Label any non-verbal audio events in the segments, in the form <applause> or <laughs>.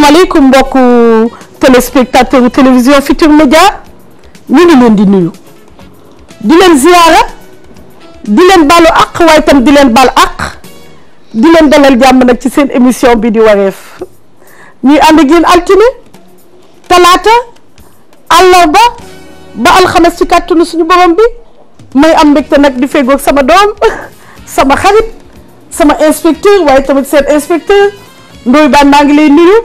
asalaamaaleykum mbokku téléspectateur télévision Futur Média ñu ngi leen di nuyu di leen ziyaara di leen baalu àq waaye di leen baal àq di leen dalal jàmm nag ci seen émission bi di wareef ñuy ànd ak yéen altine al àllarba ba alxames ci kàttanu suñu borom bi may am mbégte nag di feggoog sama doom <laughs> sama xarit sama inspecteur waaye tamit seen inspecteur Ndoye Bane maa ngi lay nuyu.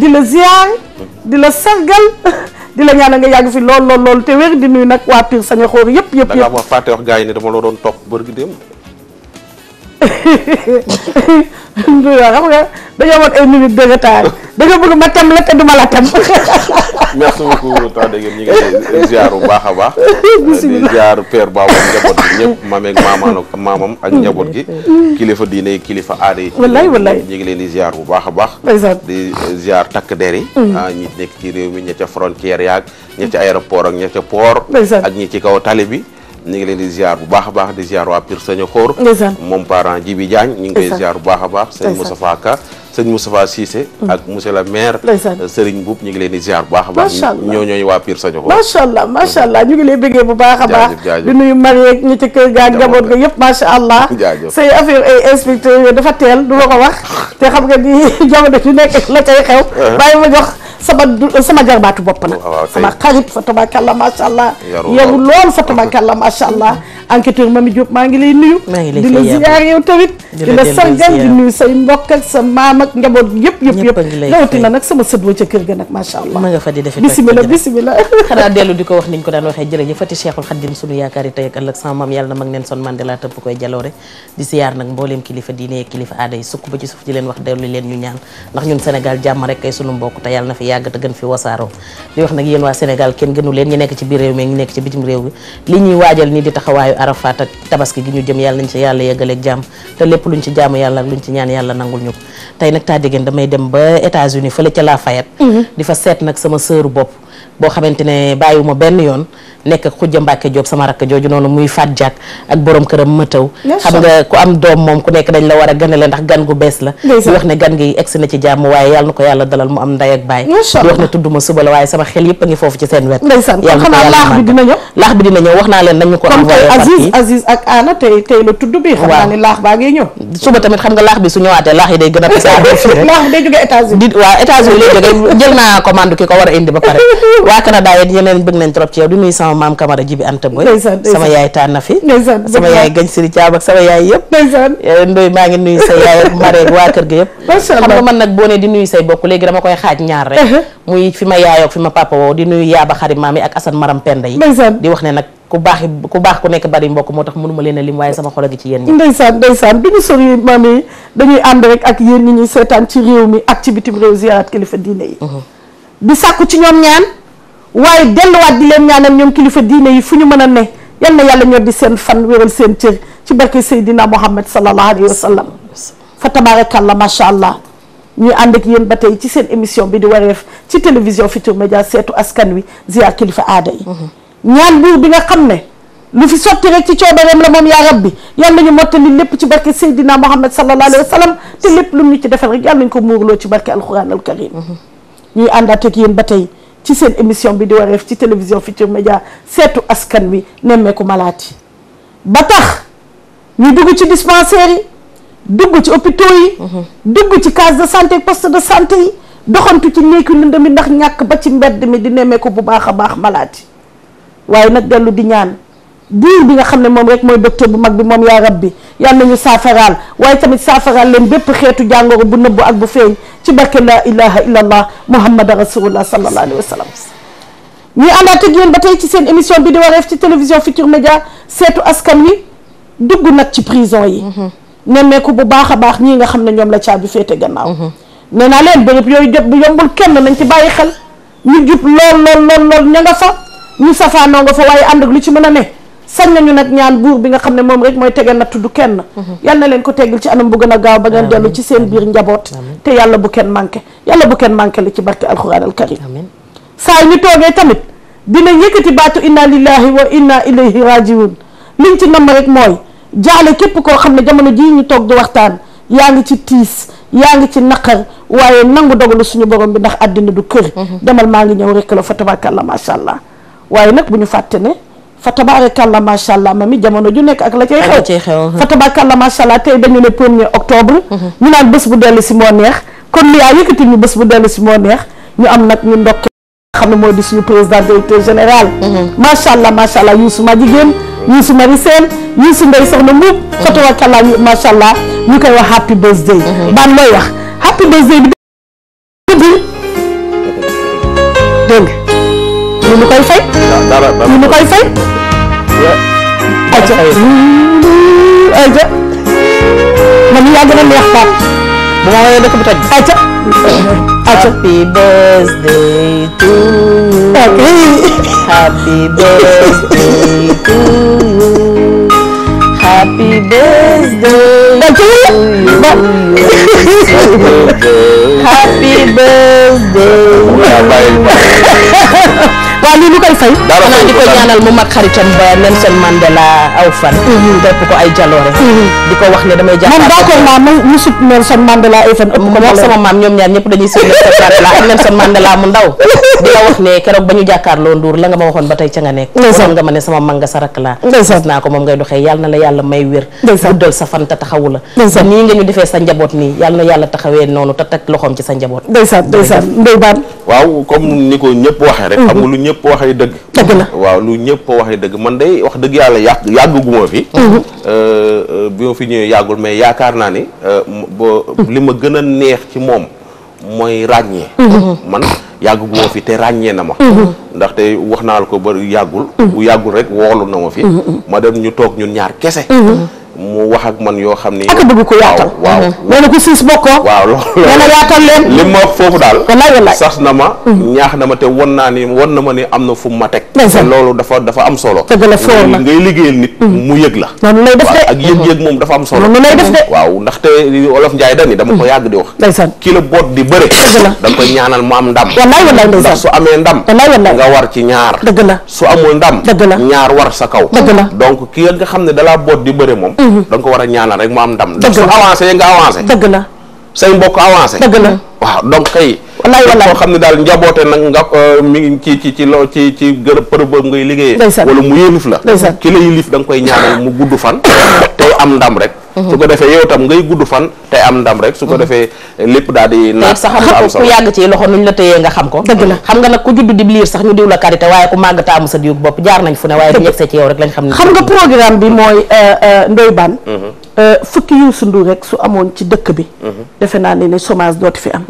di la ziar. di la sargal. <laughs> di la ñaanal nga yàgg fi lool lool lool te wér di nuyu nag waa Pire Sanekhoor yëpp yëpp yëpp. da ngaa fàtte wax gars yi ne dama la doon topp bërgi démb. <laughs> xam nga dañoo amoon ay minutes de retard da nga bëgg ma tam la te duma la tam. merci beaucoup tax dégg ñi nga ziar bu baax a baax. bisimilah di ziar père Babou njaboot gi ñëpp mameeg maamaano maamam ak njaboot gi. kilifa diine kilifa aada yi. wallaay wallaay ñu ngi leen di ziar bu baax a baax. di ziar takk der yi. Mm. Ah, ñi nekk ci réew mi ña ca frontière yaag ña ca aéroport ak ña ca port. ak ñi ci kaw tali bi. ñu ngi leen di ziar bu baax a baax di ziar waa Pire Sañokor moom parent Jibi Diagne ñu ngi koy ziar bu baax a baax sëñ Moussa Faka sëñ Moustapha Cissé mm. ak monsieur la maire euh, Serigne Mboup ñu ngi leen di ziar bu baax a baax ñoo ñooñu waa Pire Saniokhor macha allah macha allah ñu ngi lay bëggee bu baax a baax di nuyu mariyeeg ñi ci kër gaa njaboot ga yëpp macha allah say affaire ay inspecteur yooyu dafa teel du ma ko wax te xam nga ni <laughs> jamono ju nekk la cay xew uh-huh. bàyyi ma jox sama sama jarbaatu bopp nag oh, sama xarit fa tabakalla macha allah yeewu lool fa tabakalla macha allah <laughs> enquêteur Mamy Diop maa ngi lay nuyu di la ziar yow tamit di la sargal di nuyu say mbokk sa maam ak njaboot yëpp yëpp yëpp ma nga <laughs> ko wax niñ waxee jërëjëfati Cheikhul Khadim sunu yaakaar yi tey ak ëllëg sama maam yàlla ñu ñaan ndax ñun Sénégal jàmm rek kay sunu mbokk te yàlla na fi yàgg te gën fi wasaaroo di wax nag yéen waa Sénégal kenn gënu leen ñi nekk ci biir réew mi ñi nekk ci bitim réew li ñuy waajal ni di taxawaayu Arafat ak tabaski gi ñu jëm yàlla nañ ci yàlla yeggaleeg jàmm te lépp luñ ci jaamu yàlla ak luñ ci ñaan yàlla nangul ñu ko tey nag taa diggéen damay dem ba États-Unis fële ca Lafayette mm-hmm. di fa seet nag sama sœur bopp boo xamante ne bàyyiwuma benn yoon nekk ak xujja Mbàkke Joob sama rakk jooju noonu muy faat jàkk ak borom këram mataw xam nga ku am doom moom ku nekk dañ la war a ganale ndax gan gu bees la di wax gan gi egsi na ci jàmm waaye yàlla na ko yàlla dalal mu am nday ak baay di wax ne tudduma suba la waaye a ngi foofu ci seen wet xanaa laax bi naa leen nañu ko envoyé Aziz Aziz ak la tudd bi xam naa ne laax bi su ñëwaatee laax yi day gën a <laughs> tas laax bi day jóge États-Unis waaw jóge jël naa commande ki ko war a indi ba pare <laughs> waa Canada yi yeneen bëgg nañ trop ci yow di nuyu sama maam Camara Jibi Anta Boy sama yaay tànna fi sama yaay gañ siri Thiam ak sama yaay yëpp eh, ndoy maa ngi nuyu sa yaay ak waa kër ga yëpp xam nga man nag boo ne di nuyu say bokk léegi dama koy xaaj ñaar rek uh-huh. muy fi ma yaayoog fi ma papa woo di nuyu yaaba xarit maam yi ak Assane Maram Penda yi di wax ne nag ku baax ku baax ku nekk bari mbokk moo tax mënuma leen a lim waaye sama xol a ngi ci yéen ñi ndeysaan ndeysaan du yi dañuy uh-huh. di sàkku ci ñoom ñaan waaye delluwaat di leen ñaanal ñoom kilifa diine yi fu ñu mën a ne yal na yàlla ñoo di seen fan wéral seen cër ci barke Seydina Muhammad sallallahu alayhi wa sallam fa tabarakallah macha allah ñuy ànd ak yéen ba tey ci seen émission bi di wareef ci télévision Futurs Médias seetu askan wi ziar kilifa aada yi mhm. ñaan buur bi nga xam ne lu fi sotti rek ci coobareem la moom yaa rabbi yàlla ñu mottali lépp ci barke Seydina Muhammad sallallahu alayhi wa sallam te lu ñu ci defal rek yàlla ñuy àndaat ak yéen ba tey ci seen émission bi di wareef ci télévision Futurs Médias seetu askan wi nemmeeku malaat yi ba tax ñu dugg ci dispensaire yi dugg ci hôpitaux yi mhm. dugg ci case de santé poste de santé yi doxantu ci néegu lëndëm mi ndax ñàkk ba ci mbedd mi di nemmeeku bu baax a baax malaat yi waaye nag dellu di ñaan buur bi nga xam ne moom rek mooy docteur bu mag bi moom yaa rab bi yal nañu saafaraal waaye tamit saafaraal leen bépp xeetu jàngoro bu nëbbu ak bu feeñ ci barke la ilaha illallah muhammad rasulullah sallallahu alayhi wa sallam ñuy àndaat ak yéen ba tey ci seen émission bi di wareef ci télévision Futur Média seetu askan wi dugg nag ci prison yi mhm. nemmeeku bu baax a baax ñi nga xam ne ñoom la caabi féete gannaaw mhm. nee naa leen béréb yooyu jot bu yombul kenn nañ ci bàyyi xel nu jub lool lool lool lool ña nga fa ñu safaanoo nga fa waaye ànd ak lu ci mën a ne sañ nañu nag ñaan buur bi nga xam ne moom rek mooy tege natt du kenn mhm. yal na leen ko teggil ci anam bu gën a gaaw ba ngeen dellu ci seen biir njaboot te yàlla bu kenn manqué yàlla bu kenn manqué li ci barke alxuraan al karim saa ñu toogee tamit dina yëkkati baatu inna lillahi wa inna ilayhi rajiun liñ ci namm rek mooy jaale képp koo xam ne jamono ji ñu toog di waxtaan yaa ngi ci tiis yaa ngi ci naqar waaye nangu dogalu suñu borom bi ndax àddina du kër mhm. demal maa ngi ñëw rek la fa tabarakalla macha allah waaye nag bu ñu fàtte ne fa tabaarakàlla macha allah mami jamono ju nekk ak la cay xew fa tabaarakàlla macha allah tey dañu ne premier octobre ñu naan bés bu dellu si moo neex kon li yaa yëkkati ñu bés bu dellu si moo neex ñu am nag ñu ndokkee xam ne moo di suñu président directeur général macha allah macha allah ma jigéen Youssou Mari Sène Youssou Ndeye soxna Mbuub fa tabaarakàlla macha allah ñu koy wax happy birthday baan looy wax happy birthday bi dégg nga ñu koy fay ñu koy fay. ayca ayca. man mii yaa gën a bu ma woowee dëkk bi toj. ayca. ayca happy birthday to you. happy birthday to you. happy birthday to you. <laughs> waa lii lu koy fay. xanaa di ko ñaanal mu mag xaritam ba Nelson Mandela aw mhm. ko ay jaloore. Mhm. di ko wax ne damay jàppale. man d'accord naa man musub Nelson aw fan. ëpp sama maam ñoom ñaar ñëpp dañuy sëñ Nelson Mandela ak Nelson ndaw. di la wax ne keroog ba ñu la nga ma waxoon ba tey ca nga nekk. ndeysaan nga ne sama mag nga sa rakk laa. naa ko moom ngay doxe yàlla na la yàlla may wér. ndeysaan guddal sa fan te taxawu la. ndeysaan nii nga ñu defee sa njaboot nii yàlla na yàlla taxawee noonu te teg loxoom ci sa njaboot. ndeysaan ndeysaan ndeybaan waaw comme ni ko ñëpp waxee rek. Mhm. xam nga lu ñëpp waxee dëgg. dëgg na waaw lu ñëpp waxee dëgg man day wax dëgg yàlla yàgg yàggaguma fi. Mhm. Euh, euh, bi ma fi ñëwee yàggul mais yaakaar naa ni euh, ba mhm. li ma gën a neex ci moom mooy ràññee. man yàggaguma fi te ràññee na ma. ndaxte wax naa la ko ba yàggul. bu yàggul rek woolu na ma fi. ma dem ñu toog ñun ñaar kese. mu wax ak man yoo xam ni. ak bëgg ko yaatal waaw waaw. Mm-hmm. nee na ku siis bokkoo. waaw loolu nee na yaatal leen. li ma foofu daal. wallaay wallaay sas na ma. Mm-hmm. ñaax na ma te won naa ni won na ma ni am na fu ma teg. te loolu dafa dafa am solo. dëgg la foor ngay liggéeyal nit. Mm-hmm. mu yëg la. noonu ak yëg-yëg moom dafa am solo. noonu waaw ndaxte olof Njaay dani dama ko yàgg di wax. ndeysaan ki la boot di bëre. dëgg la da koy ñaanal mu am ndam. wallaay wallaay ndeysaan ndax su amee ndam. wallaay wallaay nga war ci ñaar. dëgg la su amul ndam. dëgg la ñaar war sa kaw. dëgg la donc ki nga xam ne dalaa boot di bëre moom Mhm. da nga ko war a ñaanal rek mu am ndam. dëgg la su avancé nga avancé. dëgg la say mbokk avancé. dëgg la waaw donc kay. wallaay wallaay koo xam ne daal njaboote nag nga euh, mi ngi ci ci ci loo ci ci gërëm përëb boobu ngay liggéeyee. wala mu yëlif la. ki la yëlif da nga koy ñaanal mu gudd fan. <coughs> tey am ndam rek. su ko defee yow tam ngay gudd fan te am ndam rek su ko mhm. defee lépp daal di naat sax xam ko ku yàgg ci loxo nuñ la tëyee nga xam ko dëgg la xam nga nag ku judd di liir sax ñu diw la karité waaye ku màgg taamu sa diw bopp jaar nañ fu ne waaye <laughs> bu ñegsee ci yow rek lañ xam ne xam nga programme bi mooy euh, euh, ndoy baan mhm. euh, fukki Youssou Ndour rek su amoon ci dëkk bi mhm. defe naa ne ne chômage dooti fi am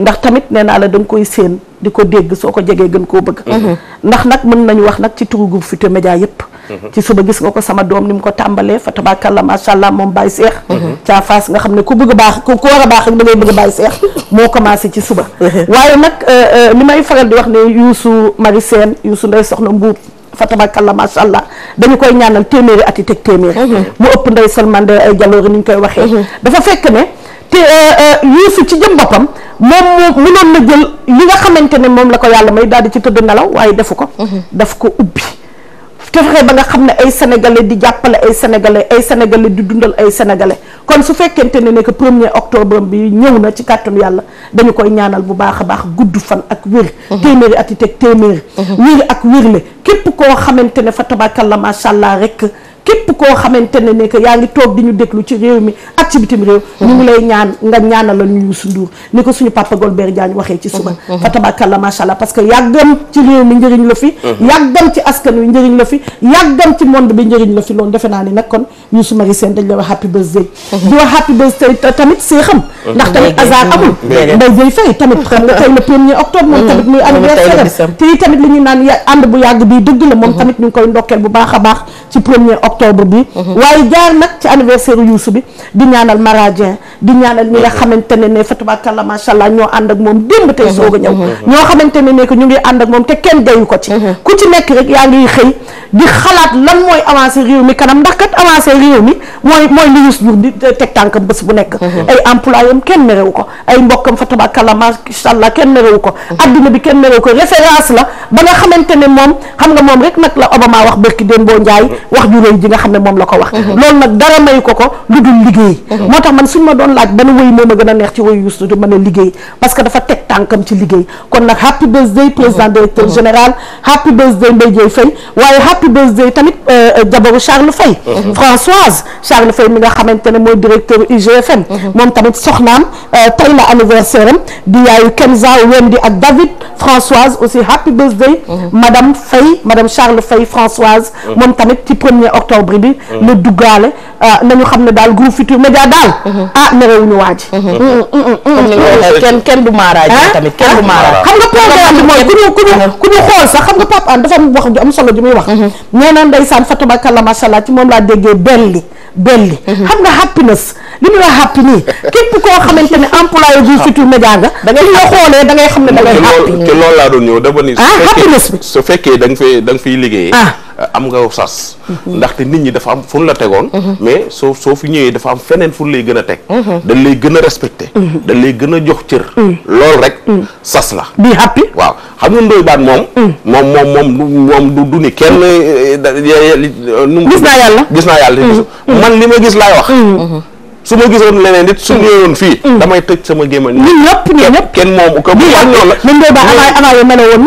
ndax tamit nee naa la da nga koy séen di ko dégg soo ko jegee gën koo bëgg mhm. ndax nag mën nañu wax nag ci turu Groupe Futurs Médias yépp mhm. ci suba gis nga ko sama doom ni mu ko tàmbalee fa tabaakallah macha allah moom Baye Seex mhm. caa nga xam ne ku bëgg baax ku war a baax ak da ngay bëgg Baye Seex <laughs> moo commencé ci suba waaye nag li euh, euh, may faral di wax ne Youssou Marie Sène Youssou Ndeye Soxna Mbuub fa tabaakallah macha allah dañu koy ñaanal téeméeri at yi teg téeméer mu ëpp ni koy waxee dafa fekk ne te euh, Youssou ci jëm boppam moom moo mënoon na jël li nga xamante ne moom la ko yàlla may daal di ci tëdd nelaw waaye defu ko. Mhm. daf ko ubbi. te fexe ba nga xam ne ay sénégalais di jàppale ay sénégalais ay sénégalais di dundal ay sénégalais kon su fekkente ne ne que premier octobre bi ñëw na ci kàttanu yàlla dañu koy ñaanal bu baax a baax gudd fan ak wér. Mhm. téeméeri at yi teg téeméeri. Mhm. wér ak wérle képp koo xamante ne fa tabakal la macha allah rek. képp koo xamante ne ne yaa ngi toog di ñu déglu ci réew mi ak ci bitim réew ñu ngi lay ñaan nga ñaanal la ñu Youssou Ndour ni ko suñu papa Golbert Diagne waxee ci suba mm-hmm. mm-hmm. fatabakalla macha allah parce que yàggam ci réew mi njëriñ la fi mm-hmm. yàggam ci askan wi njëriñ la fi yàggam ci monde bi njëriñ la fi loolu defe naa ni nag kon Youssou Marie dañ la wax happy birthday di wax happy birthday tamit seexam ndax tamit hasard amul nday jëy fay tamit xam nga tey a baax octobre bi mhm. waaye jaar nag ci anniversaire Youssou bi di ñaanal Maradien di ñaanal ñi nga mhm. xamante ne ne fatabakalla macha allah ñoo ànd ak moom démb tey mhm. soog a ñëw ñoo xamante ne ne ñu ngi ànd ak moom te kenn gayu ko ci ku ci nekk rek yaa ngi xëy di xalaat lan mooy avancé réew mi kanam ndax kat avancé réew mi mooy mooy li Youssou Ndour di teg tànkam bés bu nekk ay employé am kenn merewu ko ay mbokkam fatabakalla macha allah kenn merewu ko adduna bi kenn la ba nga xamante ne moom xam nga moom nga mhm. nag dara mayu ko lu dul liggéey mhm. moo tax man suñ doon laaj ban woy moom a gën a neex ci woy a liggéey parce que dafa teg tànkam ci liggéey kon nag happy birthday président mhm. directeur général happy birthday Mbaye Dièye Faye happy birthday tamit euh, euh, jabaru Charles Faye Françoise Charles Faye mi nga xamante ne mooy directeur UGFM moom tamit soxnaam euh, tey anniversaire am Kenza Wendy ak David Françoise aussi happy birthday madame Faye sobre bi mm. na duggaale ah, nañu xam ne daal groupe Futurs Médias daal mm-hmm. ah merewuñu waaj mm-hmm. mm-hmm. kenn kenn du maaraaj ah? tamit kenn du ah? maaraaj xam nga programme bi mooy ku ñu ku ñu ku ñu xool sax xam nga Pape An dafa am wax ju am solo ji muy wax nee na ndeysaan fatabakallah masha allah ci moom laa déggee belli belli xam nga happiness li mu la happy nii képp koo xamante ne employé bu Futurs Médias nga da ngay xoolee da ngay xam ne da happiness bi su fekkee da nga fay Euh, am nga sas ndaxte nit ñi dafa am fu ñu la tegoon mais soo soo fi ñëwee dafa am feneen fu ñu lay gën a teg dañ lay gën a respecté dañ lay gën a jox cër loolu rek sas la bi happy waaw xam nga ndoy baat moom moom moom moom moom du du ni kenn euh, euh, gis naa yàlla gis naa yàlla mm-hmm. man li ma gis laay wax mm-hmm. su ma gisoon leneen nit su mm. ñëwoon fii. Mm. damay tëj sama gémmañ. ñun ñëpp ñun ñëpp kenn moom ko bu wàññi woon la. de ba avant avant yoo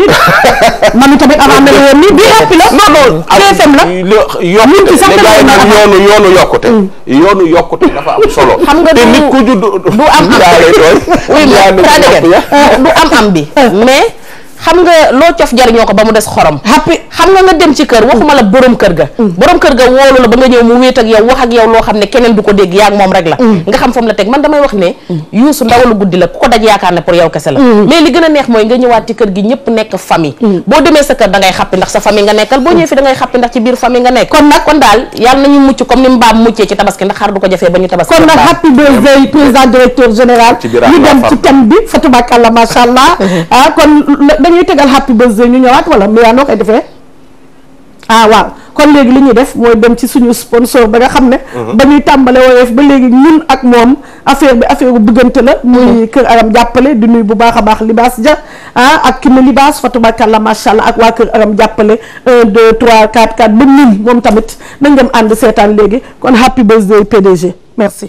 man tamit avant mel woon nit bii ëpp la. non non TFM la. yokkute ne gars yi naan yoonu yoonu yokkute. Mm. yoonu yokkute dafa am solo. xam nga te nit ku judd. bu am am <laughs> yaa lay doon. bi <laughs> mais. xam nga loo cof jariñoo ko ba mu des xorom happy xam nga dem ci kër waxuma la borom kër ga mm. borom kër ga woolu la ba nga ñëw mu wéet ak yow wax ak yow loo xam ne keneen du ko dégg yaa ak moom rek la mm. nga xam mm. a neex mooy nga ñëwaat ci kër gi ñëpp nekk famille boo demee sa kër da ngay ndax sa famille nga nekkal boo ñëwee fi da ngay ndax ci biir famille nga nekk kon nag kon daal yàlla nañu mucc comme ni mbaam muccee ci tabaski ndax xar du ko jafee ba ñu tabaski <laughs> ñuy tegal happy birthday ñu ñëwaat wala mais yaa noo koy defee ah waaw kon léegi li ñuy def mooy dem ci suñu sponsor ba nga xam ne. Mhm. ba ñuy tàmbale woyeef ba léegi ñun ak moom affaire bi affaire bu bëggante la. Mhm. muy kër aram jàppale du nuy bu baax a baax libaas ja ah ak ki ne libaas Fatou la macha allah ak waa kër aram jàppale 1 2 3 4 4 ba 1000 moom tamit nañ dem ànd seetaan léegi kon happy birthday PDG merci.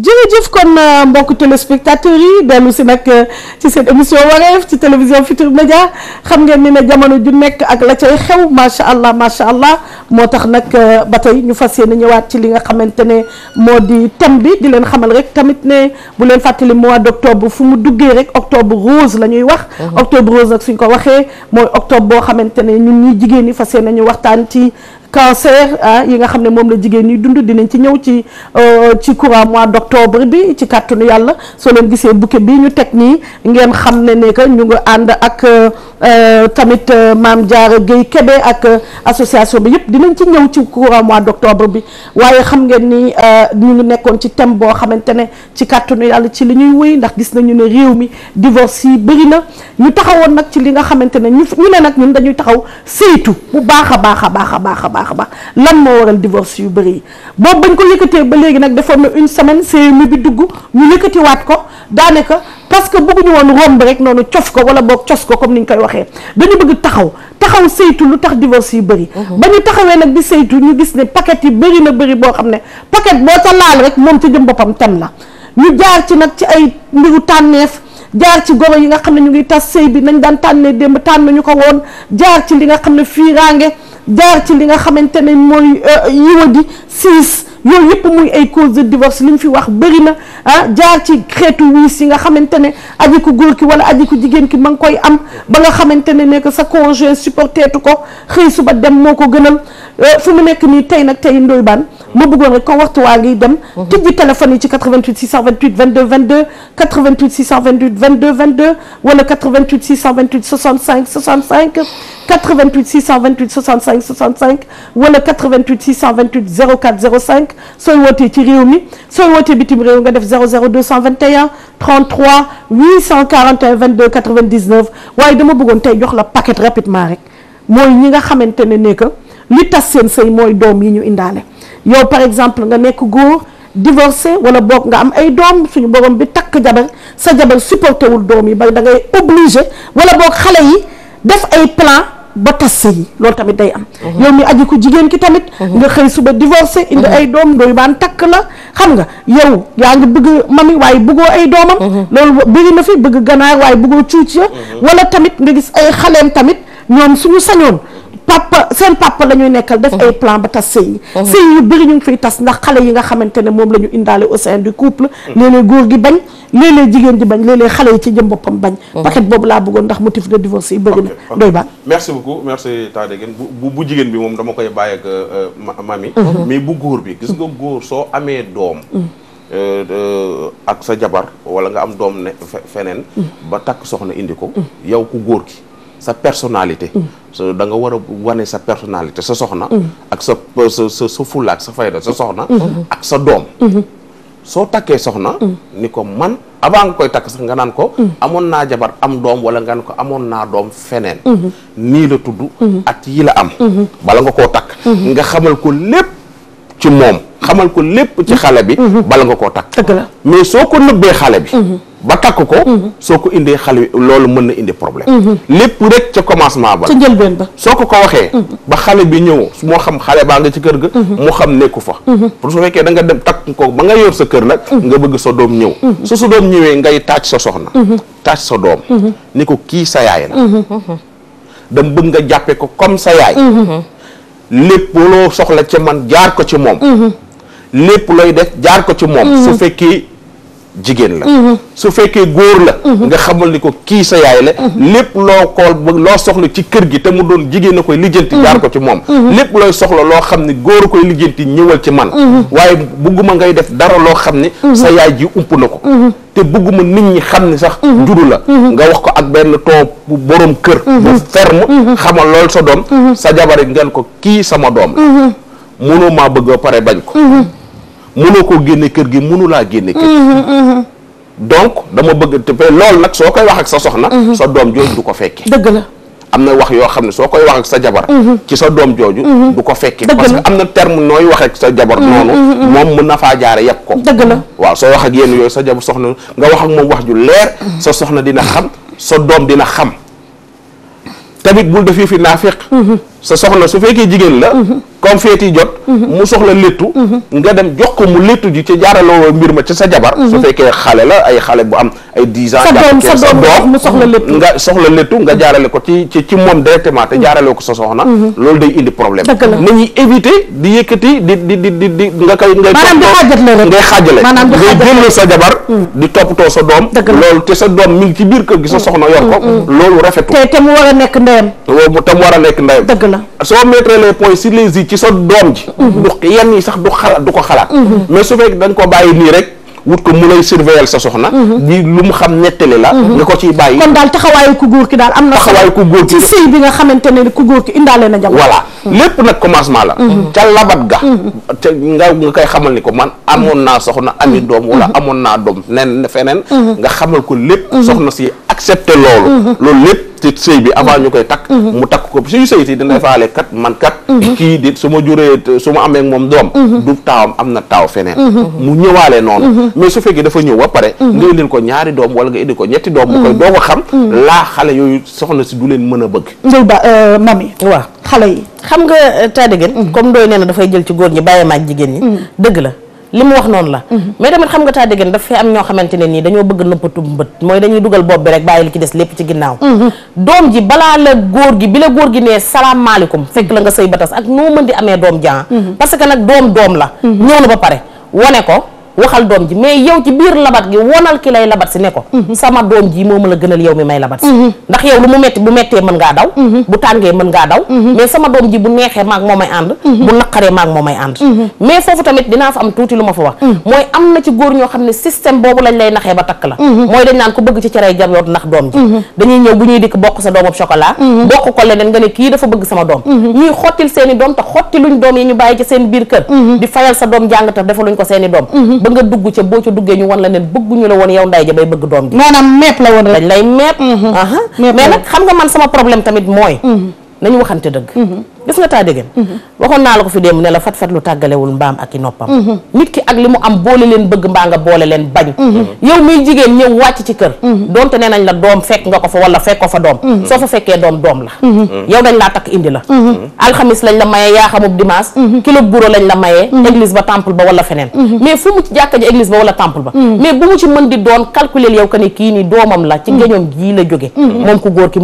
jërëjëf kon euh, mbokk téléspectateurs yi dellu si nag euh, ci seen émission wareef ci télévision Futurs Médias xam nga ni ne jamono ju nekk ak la cay xew macha allah macha allah moo tax nag euh, ba tey ñu fas yéene ñëwaat ci li nga xamante ne moo di thème bi di leen xamal rek tamit ne bu leen fàttali mois d' octobre fu mu duggee rek octobre rose la ñuy wax. Mhm. octobre rose nag suñ ko waxee mooy octobre boo xamante ne ñun ñii jigéen ñi fas yéene ñu waxtaan ci cancer ah yi nga xam ne moom la jigéen ñi dund dinañ ci ñëw ci euh, ci courant mois d' octobre bi ci kàttanu yàlla soo leen gisee bouquet bi ñu teg nii ngeen xam ne ne que ñu ngi ànd ak euh, tamit euh, Maam jaaro Guèye kebe ak association bi yëpp dinañ ci ñëw ci courant mois d' octobre bi waaye xam ngeen ni ñu ngi nekkoon ci thème boo xamante ne ci kàttanu yàlla ci li ñuy wéy ndax gis nañu ne réew mi divorce yi bëri na ñu taxawoon nag ci li nga xamante ne ñu ñu ne nag ñun dañuy taxaw saytu baax a baax a baax a baax baax a baax lan moo waral divorce yu bëri yi boobu bañ ko yëkkatee ba léegi nag defoon na une semaine CMU bi dugg ñu waat ko daanaka parce que bëgguñu woon romb rek noonu cof ko wala boog cos ko comme ni ñu koy waxee dañu bëgg taxaw taxaw saytu lu tax divorce yu bëri mhm. ba ñu taxawee nag di saytu ñu gis ne paquet yi bëri na bëri boo xam ne paquet boo ca laal rek moom ca jëm boppam tem la ñu jaar ci nag ci ay mbiru tànneef jaar ci goro yi nga xam ne ñu ngi tas sëy bi nañ daan tànnee démb tànn ñu ko woon jaar ci li nga xam ne fii raange jaar ci li nga xamante ne mooy euh, yiwadi siis yooyu yëpp muy ay cause de divorce li ñu fi wax bëri na ah jaar ci xeetu wiis yi nga xamante ne aji ku góor ki wala aji jigéen ki ma ngi koy am ba nga xamante ne nekk sa conjoint supporté tu ko xëy suba dem moo ko gënal Euh, fu mu nekk nii tey nag tey Ndoye Bane ma bëggoon rek kon waxtu waa ngi dem. Mhm. tijji téléphone yi ci 88 628 22 22 88 628 22 22 wala 88 628 65 65 88 628 65 65 wala 88 628 04 05 sooy wootee ci réew mi sooy wootee bitim réew nga def 00 221 33 841 22 99 waaye dama bëggoon tey jox la paquet rapidement rek mooy ñi nga xamante ne ne que. li tas seen sëy mooy doom yi ñu indaale yow par exemple nga nekk góor divorcé wala boog nga am ay doom suñu borom bi takk jabar sa jabar supporté wul doom yi ba da ngay obligé wala boog xale yi def ay plan ba tas sëy yi loolu tamit day am mhm. yow mi aji ko jigéen ki tamit mhm. nga xëy suba divorcé indi mhm. ay doom ndoyu baan takk la xam nga yow yaa ngi bëgg mami waaye bëggoo ay doomam loolu bëri na fi bëgg ganaar waaye bëggoo cuuc ya wala tamit nga gis ay xaleem tamit ñoom suñu sañoon papa seen papa la ñuy nekkal def ay oh. plan ba tas sëy oh. sëy bëri ñu fi tas ndax xale yi nga xamante ne moom la ñu indaale au sein du couple léeg-léeg góor gi bañ léeg jigéen ji bañ léeg-léeg xale yi ci jëm boppam bañ oh. paquet boobu laa bëggoon ndax motif de divorce yi bëri na doy baan merci beaucoup merci Tade Gueye bu bu jigéen bi moom dama koy bàyyi ak euh, mami mm-hmm. mais bu góor bi gis nga góor soo amee doom mm. euh, euh, ak sa jabar wala nga am doom ne feneen mm. ba takk soxna indi ko mm. yow góor ki sa personnalité mm. so da nga war a sa personnalité sa soxna mm. ak sa sa sa fulla ak sa fayda sa soxna mm-hmm. ak sa doom mm-hmm. soo takkee soxna mm. ni ko man abaa nga koy takk sax nga naan ko amoon naa jabar am doom wala nga naan ko amoon naa doom feneen mm-hmm. nii la tudd at yi la am bala nga koo takk nga xamal ko lépp ci moom xamal ko lépp ci xale bi bala nga koo takk dëgg la mais soo ko nëbbee xale bi ba takk ko mhm. soo ko indee xale bi loolu mën na indi problème mhm. lépp rek ca commencement ba ca njëlbeen soo ko ko waxee mhm. ba xale bi ñëw moo xam xale baa nga ci kër ga moo xam nekku fa pour su fekkee da nga dem takk ko ba nga yor sa kër nag nga bëgg sa doom ñëw su sa doom ñëwee ngay taaj sa soxna taaj sa doom ni ko kii sa yaay la dam bëgg nga jàppee ko comme sa yaay lépp loo soxla ci man jaar ko ci moom lépp looy def jaar ko ci moom su fekkee jigéen la mm-hmm. su fekkee góor la mm-hmm. nga xamal ni ko kii sa yaay la mm-hmm. lépp loo ko loo soxla ci kër gi te mu doon jigéen a koy lijjanti jaar ko ci moom lépp looy soxla loo xam ne góor a koy lijjanti ñëwal ci man waaye bugguma ngay def dara loo xam ne sa yaay ji ump na ko te bugguma nit ñi xam ne sax njuru la nga wax ko ak benn ton bu boroom kër bu ferme xamal lool sa doom sa jabar ngeen ko kii sama doom la mënoo maa bëgg a pare bañ ko mënoo koo génne kër gi mënulaa génne kër gi mhm, mhm. donc dama bëgg te loolu nag soo koy wax ak sa soxna mhm. sa doom jooju du ko fekke dëgg la am na wax yoo xam ne soo koy wax sa jabar ci sa doom jooju du ko fekki parce que am na terme nooy wax ak sa jabar noonu moom mën na faa jaare yàpp ko dëgg la waaw soo wax ak yéen yooyu sa jabar soxna nga wax ak moom wax ju leer sa soxna dina xam sa doom dina xam tamit bul defee fi naafeq sa soxna su fekkee jigéen la mhm. comme feet yi jot mhm. mu soxla léttu mhm. nga dem jox ko mu léttu ji ca jaaraloo mbir ma ca sa jabar su fekkee xale la ay xale bu am ay dix ans sa doom mu soxla mm, léttu nga soxla léttu nga jaarale ko ci ci ci moom directement te jaarale ko sa soxna loolu day indi problème nañuy éviter di yëkkati di di di di di nga koy ngay ngay xaajale ngay jël sa jabar mm. di toppatoo sa doom loolu te sa doom mu ngi ci biir kër gi sa mm. soxna yor ko loolu rafetu te mu war a nekk ndeyam te mu war a nekk ndeyam la soo mettre les points les i ci sa doom ji mhm. du yenn yi sax du xalaat du ko xalaat mhm. mais su fekk dañ ko bàyyi nii rek wut ko mu lay surveiller sa soxna mhm. di lu mu xam nettali la nga ko ci bàyyi kon daal taxawaayu ku góor ki daal am na taxawaayu ku góor bi nga xamante ne ku góor ki indaale na jamono voilà lépp nag commencement la ca labat ga ca nga nga koy ni ko man amoon naa soxna ami doom wala amoon naa doom nen feneen nga xamal ko lépp soxna si accepter loolu mhm. loolu lépp ci sëy bi avant mhm. ñu koy takk mhm. mu takk ko suñu sëy si dina faale kat man kat kii di su ma juree su ma amee moom doom du taawam am na taaw feneen mu ñëwaale noonu mais su fekkee dafa ñëw ba pare nga indil ko ñaari doom wala nga indi ko ñetti doom mu koy doo ko xam laa xale yooyu soxna si du leen mën a bëgg Ndeye Ba euh, mami waaw xale yi xam nga euh, taa dëggeen comme dooy nee na dafay jël ci góor ñi bàyyi maag jigéen ñi dëgg la li mu wax noonu la mais tamit xam nga taa dégg daf fee am ñoo xamante ne nii dañoo bëgg nëppatu mbët mooy dañuy dugal bopp bi rek bàyyi li ci des lépp ci ginnaaw mhm. doom ji balaa la góor gi bi la góor gi nee salaamaaleykum fekk la nga sëy ba ak noo mën di amee doom jan mhm. parce que nag doom doom la mhm. ñëw na ba pare wane ko waxal doom ji mais yow ci biir labat gi wonal ki lay labat si ne ko mhm. sama doom ji moo ma la gënal yow mi may labat si mhm. ndax yow lu mu metti bu mettee mën ngaa daw mhm. bu tàngee mën ngaa daw mais sama doom ji bu neexee maag moo may ànd bu naqaree maag moo may ànd mais foofu tamit dinaa fa am tuuti lu ma fa wax mooy am na ci góor ñoo xam ne système boobu lañ lay naxee ba takk la mooy dañ naan ku bëgg ci cere jaboot nax doom ji dañuy ñëw bu ñuy dikk bokk sa doomab chocolat bokk ko leneen nga kii dafa bëgg sama doom xottil seen i doom te xotti luñ doom yi ñu bàyyi ci seen biir kër di fayal sa doom ko seen i ba nga dugg ca boo ca duggee ñu wan la nen bëgguñu la woon yow nday ja bay bëgg doom ji maanaam meep la woon rek dañ lay meep mhm. mais nag xam nga man sama problème tamit mooy mhm. nañu waxante dëgg mhm. gis nga taa dégg mhm. waxoon naa la ko fi démb ne la fat fat lu tàggalewul mbaam ak i noppam. Mhm. nit ki ak li mu am boole leen bëgg mbaa nga boole leen bañ. Mhm. yow muy jigéen ñëw wàcc ci kër. donte nee la doom fekk nga ko fa wala fekk ko fa doom. soo fa fekkee doom la. yow dañ ba temple ba wala feneen. mais fu mu jàkka ji église ba wala temple ba. mais bu mu ci mën di doon calculer yow que ni kii nii doomam la ci ngeñoom gii la jóge moom ku góor ki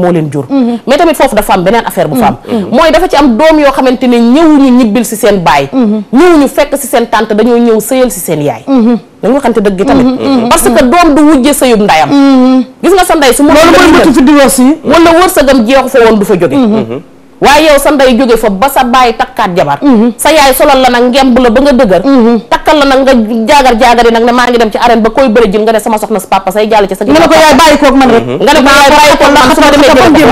am doom yoo xamante ne ñëwuñu ñibbil si seen baay mhm. ñëwuñu fekk si seen tante dañoo ñëw sëyal si seen yaay mhm. dañu waxante dëgg tamit mhm. parce que doom du wujje sëyub ndayam gis nga sa ndey su mo loolu mooy bëtt fi divorce yi wala wërsëgam jeexu fa du fa jóge waaye yow sa ndey jóge fa ba sa bàyyi takkaat jabar mhm. sa yaay solal la nag ngemb la ba nga dëgër mhm. takkal la nag nga jaagar jaagari nag ne maa ngi dem ci arène ba koy bëri jël nga ne sama soxna si papa say jàll ci sa nga ne ko yaay bàyyi koog mhm. ma demee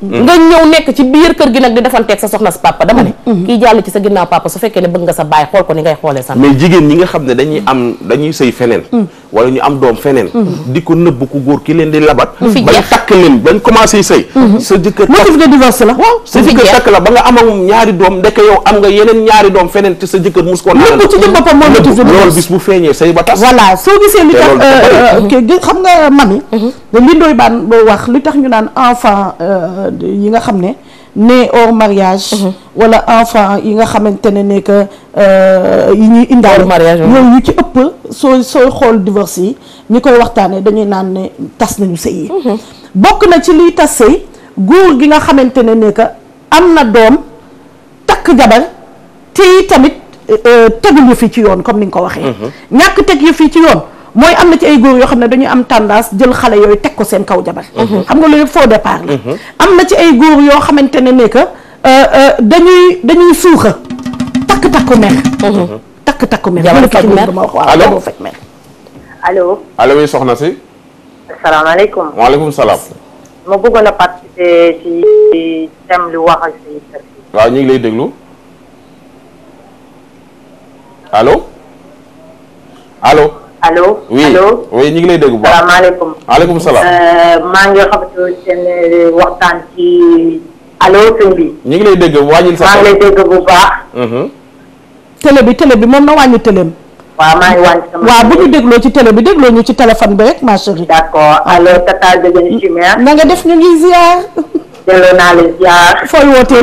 nga ñëw ci biir kër gi nag di defanteeg sa soxna si papa dama ne kii jàll ci sa ginnaaw papa su fekkee ne bëgg nga sa bàyyi xool ko ni ngay xoolee sa mais jigéen ñi nga xam ne dañuy am dañuy sëy feneen wala ñu am doom feneen mm-hmm. di ko nëbb ku góor ki leen di labat bañ takk leen bañ commencé sëy mm-hmm. sa jëkkër motif de divorce la waaw sa jëkkër takk la ba nga amam ñaari doom ndekk yow am nga yeneen ñaari doom feneen te sa jëkkër mus ko naan nëbb ci jëm boppam moo motif de divorce loolu bis bu feeñee sëy ba tas voilà soo gisee li tax euh, xam nga mami mm-hmm. li ndooy baan boo wax li tax ñu naan enfant euh, yi nga xam ne né hors mariage. Mm-hmm. wala enfant yi nga xamante ne ne que euh, yi ñuy indaale. mariage mm-hmm. yooyu yu ci ëpp sooy sooy xool divorce yi ñu koy waxtaanee dañuy naan ne tas nañu sëy yi. Mm-hmm. bokk na ci liy tas sëy góor gi nga xamante ne ne que am na doom takk jabar te tamit euh, euh, tegul yëf fii ci yoon comme ni nga ko waxee. ñàkk teg yëf fii ci yoon. mooy am na ci ay góor yoo xam ne dañuy am tàndaas jël xale yooyu teg ko seen kaw jabar mhm. xam nga lu yëpp faux départ la mhm. am na ci ay góor yoo xamante ne ne que euh, euh, dañuy dañuy suuxa takk takku mer mhm. takk takku mer jabar faj mer dama wax waaw jabar allo allo soxna si asalaamaaleykum waaleykum salaam ma bëggoon a participer ñu ngi lay déglu allo allo. oui ñu ngi lay dégg bu baax salaamaaleykum. maaleykum salaam. Euh, maa ngi xamante seen euh, waxtaan ci allo sëñ ñu ngi lay dégg wàññil sa. maa mhm. télé bi télé bi moom na wàññi télém. waaw maa ngi wàññi sama. waaw bu ñu dégloo ci télé bi dégloo ñu ci téléphone bi rek ma chérie. d'accord allo Tata Gueye Chimère. na nga def ñu ngi ziar. delloo naa la ziar. fooy wootee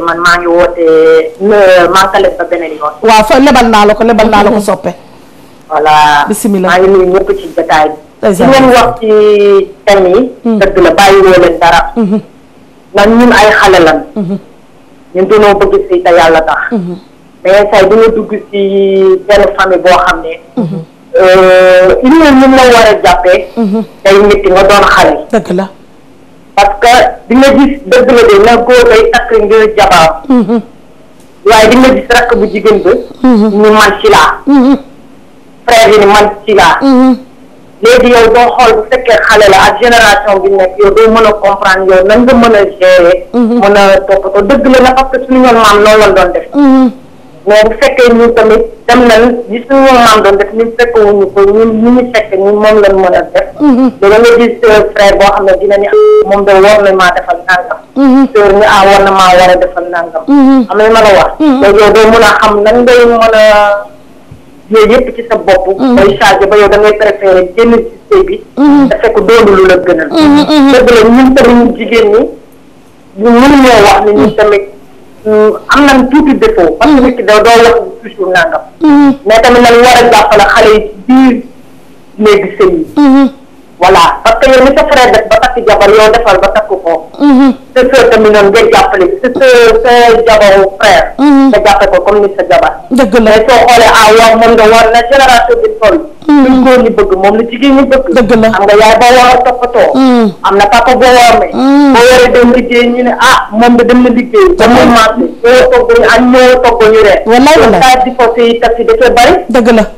man maa ngi wootee. maa ngi ko beneen yoon. waaw fooy lebal naa la ko lebal naa la ko soppe. voilà bisimilah maa ngi nuyu ñëpp ci jotaay bi. di ngeen wax ci thème hmm. dëgg la bàyyiwoo leen dara. Hmm. man ñun ay xale lan. Hmm. ñun dañoo bëgg si te yàlla tax. mais say di dugg si benn famille boo xam ne. Euh, li ñu ne la war a jàppee. day métti nga doon xale. dëgg la. parce que di nga gis dëgg la de na góor day takk ngir jabaar. waaye di nga rakk bu jigéen ba. ñu man prévenir man ci laa. Mm-hmm. léegi yow doo xool bu fekkee xale la ak génération bi nekk yow doo mën a comprendre yow nan nga a gérer. Mm-hmm. mën a toppatoo dëgg la na parce que suñu yoon maam la doon def. Mm-hmm. mais bu fekkee ñun tamit dem nañ li suñu yoon maam doon def ñun fekk wuñu ko ñun ñu ñu fekk ñun moom lañ man a def. da nga gis euh, frère boo xam ne dina ni ah, moom de war na maa defal nangam. sœur ni ah war na a defal nangam. am na wax. yow doo mën a xam nan ngay yooyu yëpp ci sa bopp. mooy mm-hmm. ba yow da ngay préféré génn ci sëy bi. Mm-hmm. te fekk doonu lu la gënal. Mm-hmm. dëgg la ñun tamit jigéen ñi ñu mën ñoo wax ne ñun tamit mm, am nañ tuuti défaut. parce que nit ki da doo wax toujours nangam. mais tamit nag war a jàppale xale yi ci biir néegi sëy yi. voilà parce que yow li sa frère def ba takk jabar yow defal ba takk ko. sa sœur tamit noonu nga jàppale sa sœur sa jabaru frère. Mhm. nga jàppe ko comme ni sa jabar. dëgg la mais soo xoolee ah waaw moom nga war na génération bi toll. Mhm. luñ góor ñi bëgg moom la jigéen ñi bëgg. dëgg la am nga yaay boo war a toppatoo. Mhm. am na papa boo war a boo waree dem liggéey ñu ne ah moom da dem na liggéey. ba mu maase ñoo togg ñu añ ñoo togg ñu reer. wallaay wallaay di ko si tax yi bari. dëgg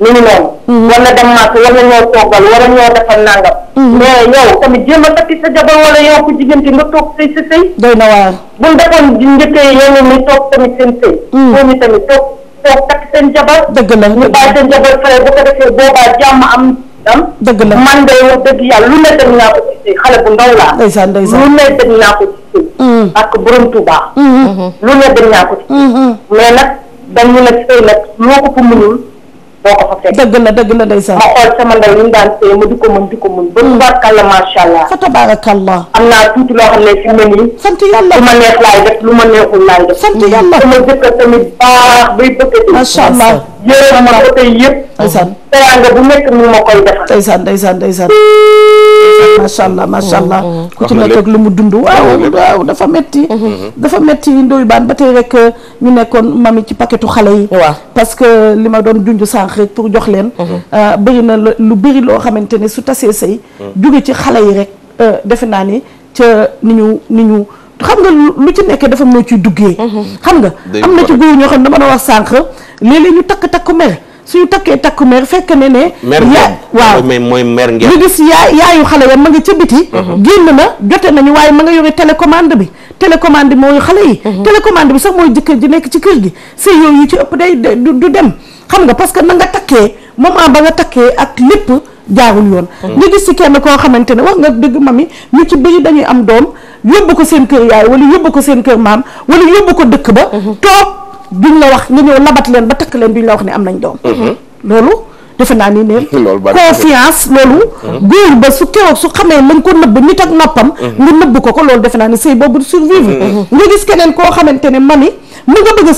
mi ngi noonu. Mm-hmm. wala dem màkk wala ñoo toggal wala ñoo defal nangam. Mm-hmm. mais yow tamit jéem a takki sa jabar wala yow ku jigéen ki nga toog sëy sa sëy. doy na waar buñ defoon njëkkee yow mi toog tamit seen sëy. ñooñu mm-hmm. tamit toog toog takk jabar. dëgg la ñu bàyyi seen jabar fële bu ko defee boobaa jàmm am. dëgg la man de wax dëgg yàlla lu ne dem naa ko ci sëy xale bu ndaw laa. ndeysaan ndeysaan lu ne dem naa ko ci sëy. ak borom Tuubaa. lu ne dem naa ko ci sëy. mais nag dañu nag sëy nag loo boo ko fa fekk. dëgg la ma xool sama ndaw ñu daan ma di ko mën di ko mën. ba tubaarkàlla macha allah. fa tabaarakallah. am naa tuuti loo xam ne fi mu ne nii. ma neex laay def lu ma neexul laay yéen ma ko tey yëpp. ndeysaan teraanga bu nekk mu ma koy defal. ndeysaan ndeysaan ndeysaan. macha allah macha allah. Mm-hmm. ku ci nekk lu mu dund. waaw waaw dafa metti mm-hmm. dafa metti ndoyu baan ba tey rek euh, ñu nekkoon mami ci paquetu xale yi. parce que li ma doon junj sànq rek pour jox leen. Mm-hmm. Euh, bëri na lu bëri loo xamante ne su tasee sëy mm. jóge ci xale yi rek euh, defe naa ni ca ni ñu ni ñu. xam nga lu ci nekkee dafa noo ciy duggee. Mhm. xam nga am na ci góor ñoo xam ne dama doon wax sànq léeg-léeg ñu takk takku mer suñu takkee takku mer fekk ne ne. mer yaa waaw mooy mer ngeen. ñu gis yaay yaayu xale ya ma nga ca biti. Mhm. génn na jote nañu waaye ma nga yore télécommande bi télécommande bi mooy xale yi. Mhm. télécommande bi sax mooy jëkkër ji nekk ci kër gi sëy yooyu ci ëpp day du dem xam nga parce que na nga takkee moment ba nga takkee ak lépp jaarul yoon. ñu gis si kenn koo xamante ne wax nga dëgg mami ñu ci bëri dañuy am doom yóbbu ko seen kër yaay wala yóbbu ko seen kër maam wala yóbbu ko dëkk ba mhm. toog duñ la wax nga ñëw labat leen ba takk leen duñ la wax ne am nañ doom mhm. loolu defe naa ni ne <laughs> confiance loolu mhm. góor ba su keroog su xamee lañ ko nëbb nit teg nappam nga nëbb ko ko loolu defe naa ni sëy boobu survivre nga gis keneen koo xamante ne mami mu nga bëgg a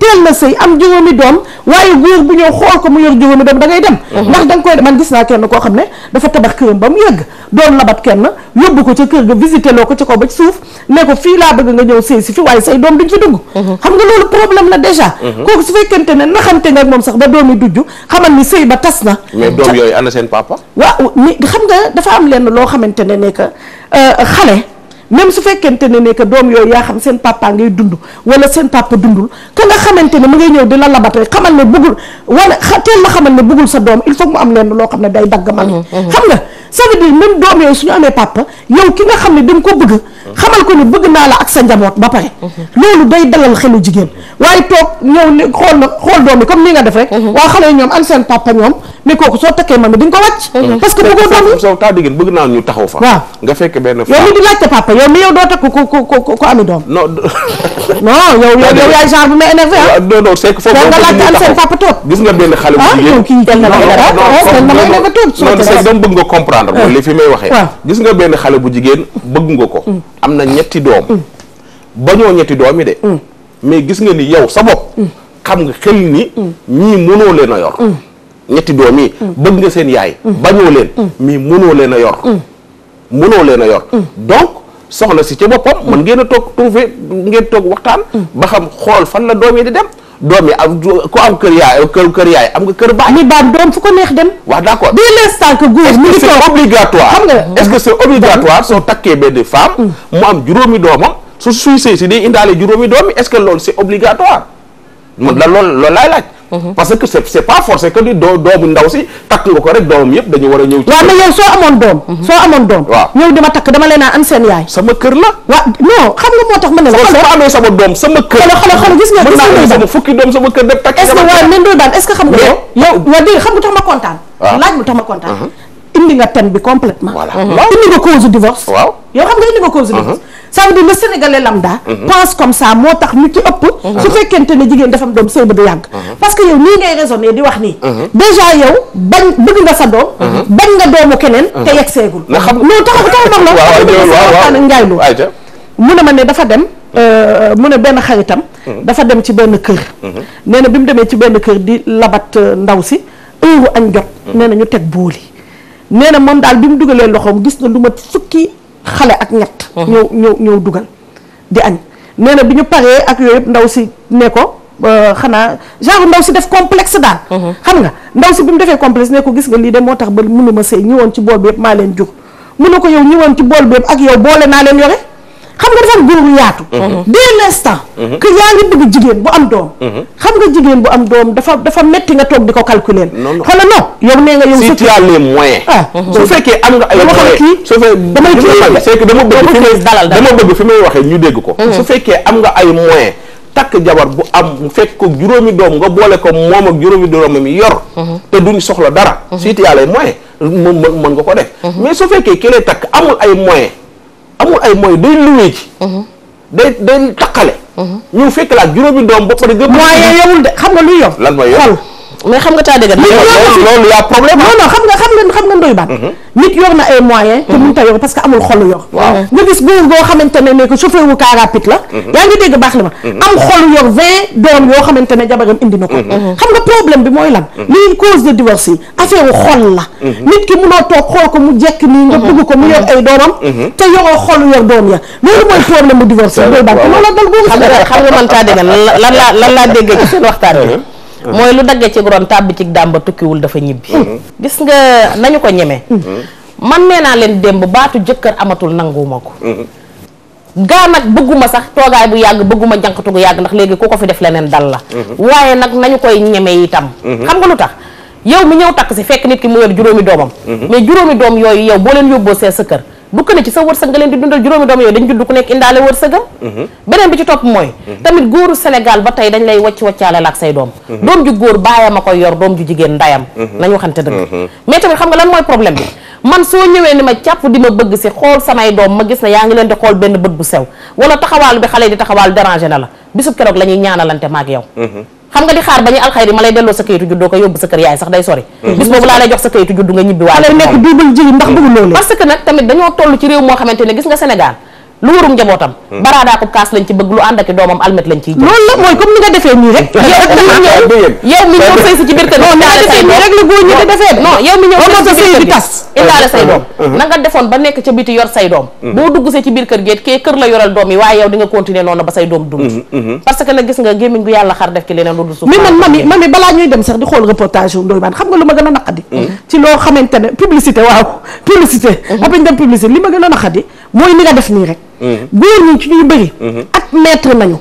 teel na sëy am juróomi doom waaye góor bu ñëw xool ko mu yor juróomi doom da ngay dem uh-huh. ndax da nga koy man gis naa koo xam ne dafa tabax ba mu yëgg doon labat kenn yóbbu ko ca kër ga visité loo ko ca kaw ba laa bëgg nga ñëw sëy si fi waaye say doom duñ fi dugg uh-huh. xam nga loolu problème la déjà uh-huh. kooku su fekkente ne naxante nga ak moom sax ba doomi dujj xamal ni sëy ba tas na doom yooyu ana seen papa waaw xam nga dafa am lenn loo xamante ne ne que euh, xale même su fekkente ne ne que doom yooyu yaa xam seen papa ngay dund wala seen papa dundul ka nga xamante ne mu ngay ñëw di la labatee xamal ne bëggul wala teel la xamal ne bëggul sa doom il faut mu am lenn loo xam ne day dagg mal mm-hmm, mm-hmm. xam nga ça veut dire même doom yooyu suñu amee papa yow ki nga xam ne da ko bëgg xamal ko ni bëgg naa la ak sa njaboot ba pare loolu day dalal xelu jigéen waaye toog ñëw ni xool na xool doom comme ni nga def rek mhm. waa xale ñoom ko wàcc mhm. parce que bëggoo doom yi sow taa diggéen bëgg naa ñu taxaw fa waaw nga fekk benn yow mi di laajte papa yow mi yow doo takk ku ku ku ku ami doom non <laughs> non yow ah. Ah, nga benn xale bu ah, jigéen kii kenn na bëgg nga comprendre mooy li fi may waxee gis nga benn xale bu jigéen bëgg nga ko mm. am na ñetti doom mm. bañoo ñetti doom yi de mm. mais gis nga ni yow sa bopp mm. xam nga xel ni ñii mënoo leen a yor ñetti doom yi bëgg nga seen yaay bañoo leen mais mënoo leen a yor mënoo leen a yor donc soxna si ci boppam mën ngeen a toog trouver ngeen toog waxtaan ba xam xool fan la doom yi di dem doom yi am ku am kër yaay kër kër yaay am nga kër baay. mi baam doom fu ko neex dem. waaw d' accord dès l' instant que góor mi ngi toog obligatoire. nga est ce que c' obligatoire soo takkee benn femme. Mm. mu am juróomi doomam su suy sëy si day indaale juróomi doom yi est ce que loolu si est obligatoire. mun la loolu loolu laay laaj. Mhm. parce que c'est pas forcé que di doo doomu ndaw si takk nga ko rek doomam yëpp dañu war a ñëw. ci waaw mais yow soo amoon doom. Mhm. soo amoon doom. waaw ñëw dama takk dama leen a am seen yaay. sama kër la. waaw non xam nga moo tax ma ne la. xooloo amee sama doom sama kër. xooloo xooloo xooloo gis nga gis nga sama fukki doom sama kër def takk. est-ce que waaw mën doo daan est-ce que xam nga. yow yow dégg xam nga tax ma kontaan. waaw laaj mu tax ma indi nga thème bi complètement voilà mm-hmm. indi nga cause yow xam nga indi nga cause mm-hmm. divorce ça veut dire le sénégalais lambda mm-hmm. comme ça moo tax ñu ci ëpp su fekkente ne jigéen dafa am doom sëy ba yàgg parce que yow nii ngay raisonner di wax nii déjà yow bañ bëgg nga sa doom bañ nga doomu keneen te yegg seegul non taxa taxa mag la nag njaay mu ne ma ne dafa dem euh, mu ne benn xaritam dafa dem ci benn kër nee bi mu demee ci benn kër di labat euh, ndaw si heure añ jot nee na ñu teg booli nee na moom daal bi mu dugalee loxoom gis na lu mat sukki xale ak ñett. ñëw ñëw ñëw dugal di añ. nee na bi ñu paree ak yooyu yëpp ndaw si ne ko euh, xanaa genre ndaw si def complexe daal. xam nga ndaw si bi mu defee complexe ne ko gis nga lii de moo tax ba mënuma sëy ñëwoon ci bool bi yëpp maa leen jur. mu ne ko yow ñëwoon ci bool bi yëpp ak yow boole naa leen yore. xam nga dafa am góor gu yaatu. Mhm. dès l'instant. Mhm. que yaa ngi bëgg jigéen bu am doom. Mhm. xam nga jigéen bu am doom dafa dafa metti nga toog di ko calculer. noonu non xoolal non yow nee nga yow. si su fekkee am nga ay moyens dama bëgg fi may dalal dama may waxee ñu dégg ko. su fekkee am nga ay takk jabar bu am bu fekk ko juróomi doom nga boole ko moom ak juróomi doomam yi yor te duñ soxla dara surtout yàlla ay moyen mën mën nga ko def mais su fekkee ki lay takk amul ay moyen amul ay mooy day luwee ci. Mhm. day day takkale. Mhm. ñu fekk la ak juróomi doom ba pare. mooy yowul de xam nga luy yow. lan mooy mais xam nga taa dëgg. loolu yaa problème non non xam mhm. nit yor na ay moyens te mënut a yor parce que amul xolu yor nga gis góor goo xamante ne ne que chauffeur wu car la mhm. yaa ngi dégg baax li ma mhm. am xolu yor vingt doom yoo xamante ne jabaram indi ko xam nga problème bi mooy lan lii cause de divorce affaire xol la nit ki munoo toog xool ko mu jekk nii nga bëgg ko mu yor ay doomam te yoroo xolu yor doom ya loolu mooy problème mu divorce ndoy baan te loolu la dal góor la lan laa dégg ci seen waxtaan mooy lu daggee ci ron tàbbi ci dàmba tukkiwul dafa ñibbi mhm. gis nga nañu ko ñeme mhm. man nee naa leen démb baatu jëkkër amatul nanguwuma ko mhm. gaa nag bëgguma sax toogaay bu yàgg bëgguma jànkatu gu yàgg ndax léegi ku ko fi def leneen dal la waaye nag nañu koy ñeme itam xam nga lu tax yow mi ñëw takk si fekk nit ki mu yor juróomi doomam mais juróomi doom yooyu yow boo leen yóbboo see sa kër bukk na ci sa wërsëg nga leen di dundal juróomi doom yooyu dañ judd ku nekk indaale wërsëgam mhm. beneen bi ci topp mooy mhm. tamit góoru Sénégal ba tey dañ lay wacc waccaale la ak say doom mhm. doom ju góor baayam a koy yor doom ju jigéen ndayam nañ waxante dëgg mais tamit xam nga lan mooy problème bi man soo ñëwee ni ma càpp di ma bëgg si xool samay doom ma gis ne yaa ngi leen di xool benn bët bu sew wala taxawaalu bi xale di taxawaalu dérangé na la bisub keroog la ñuy ñaanalante maag yow xam nga di xaar ba ñu alxayri ma lay delloo sa kayitu juddoo ko yóbbu sa kër yaay sax day sori mm-hmm. bis boobu laa lay jox sa kayitu juddu nga ñibbi waale nekk duubal jigéen ndax bëgg loolu parce que nag tamit dañoo toll ci réew moo xamante ne gis nga Sénégal lu warum njabootam hmm. baraadaako kaas lañ ci bëgg lu ànd ak doomam almet lañ ciy loolu la mooy comme ni nga defee nii rek <laughs> yow mi ñëw ci biir kër non nga defee nii rek la góor ñi di mi ñëw sëy si na yor say doom hmm. boo dugg see ci biir kër géet kee kër la yoral doom yi waaye yow di continuer noonu ba say doom dund hmm. parce que nag gis nga gémmiñ gu yàlla xar def ci leneen lu dul suuf mais man mami mami balaa ñuy dem sax di xool reportage yu ndoy baan xam nga lu ma gën a naqadi ci loo xamante ne publicité waaw dem publicité li ma gën a naqadi mooy ni nga def góor ñi ci ñu bëri ak maître nañu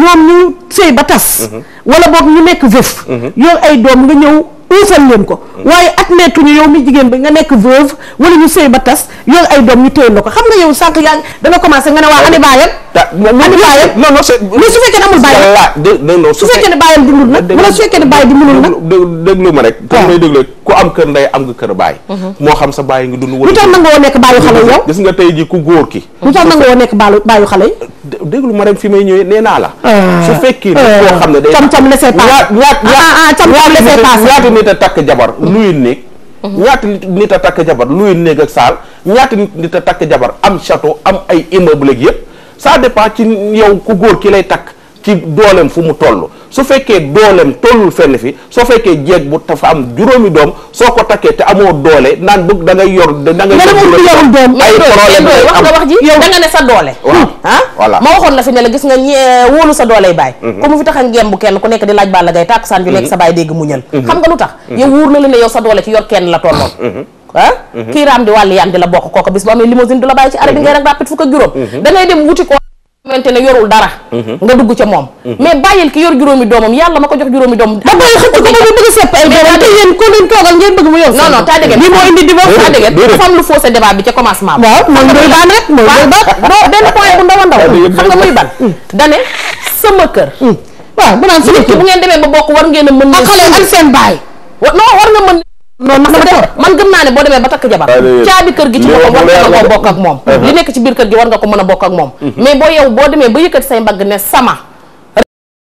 ñoom ñu sëy ba tas wala boog ñu nekk veuf mm-hmm. yor ay doom nga ñëw uusal leen ko waaye admettre ñu yow mi jigéen bi nga nekk veuve wala ñu sëy ba tas yor ay doom ñu téyel la ko xam nga yow sànq yaa ngi danga commencé nga ne waa ani bàyyam ani bàyyam non non mais su fekkee ne amul bàyyam mhm. lu tax nanga nekk bàyyu xale yow gis nga tey ji ku góor ki lu tax nanga nekk bàyyu xale yi déglu ma rek fi may ñëwee nee naa la ah. su fekkee ne koo ah. xam ne cam ah, cam nit a takk jabar luyul néeg mhm. ñaata nit a takk jabar luyul néeg ak saal ñaata nit a takk jabar am château am ay immeuble ak yépp ça dépend ci yow ku góor ki lay takk ci dooleem fu mu toll su fekkee dooleem tollul fenn fi soo fekkee jeeg bu tafa am juróomi doom soo ko takkee te amoo doole naan bëgg da ngay yor da ngay yorul doom ay problème wax nga ne sa doole ah voilà hmm. ma waxoon la fi ne la gis nga euh, wóolu sa doole baay mhm. ku mu fi tax a ngemb kenn ku nekk di laaj bàlla gay tàkkusaan ju nekk mhm. sa baay dégg muñal mhm. xam nga lu tax yow wóor la ne yow sa doole ci yor kenn la tolloon ah di wàll yaam di la bokk kooku bis bu amee limousine du la bàyyi ci arabi ngay rek xamante ne yorul dara mhm. nga dugg ca moom mhm. mais bàyyil ki yor juróomi doomam yàlla ma ko jox juróomi doom da koy xëcc ko ba bëgg sepp ay doomam te yéen ko leen toogal ngeen bëgg mu yor non non taa dëgg lii moo indi divorce taa dëgg dafa am lu faussé débat bi ca commencement bi waaw mooy <laughs> a nga muy ban mm. dane sama kër mm. waaw bu naan sama kër bu ngeen demee ba bokk war ngeen a mën ak man gëm naa ne boo demee ba takk jabar caabi kër gi ci boppam war nga ko bokk ak moom li nekk ci biir kër gi war nga ko mën a bokk ak moom mhm. mais boo yow boo demee ba yëkkati say mbagg ne sama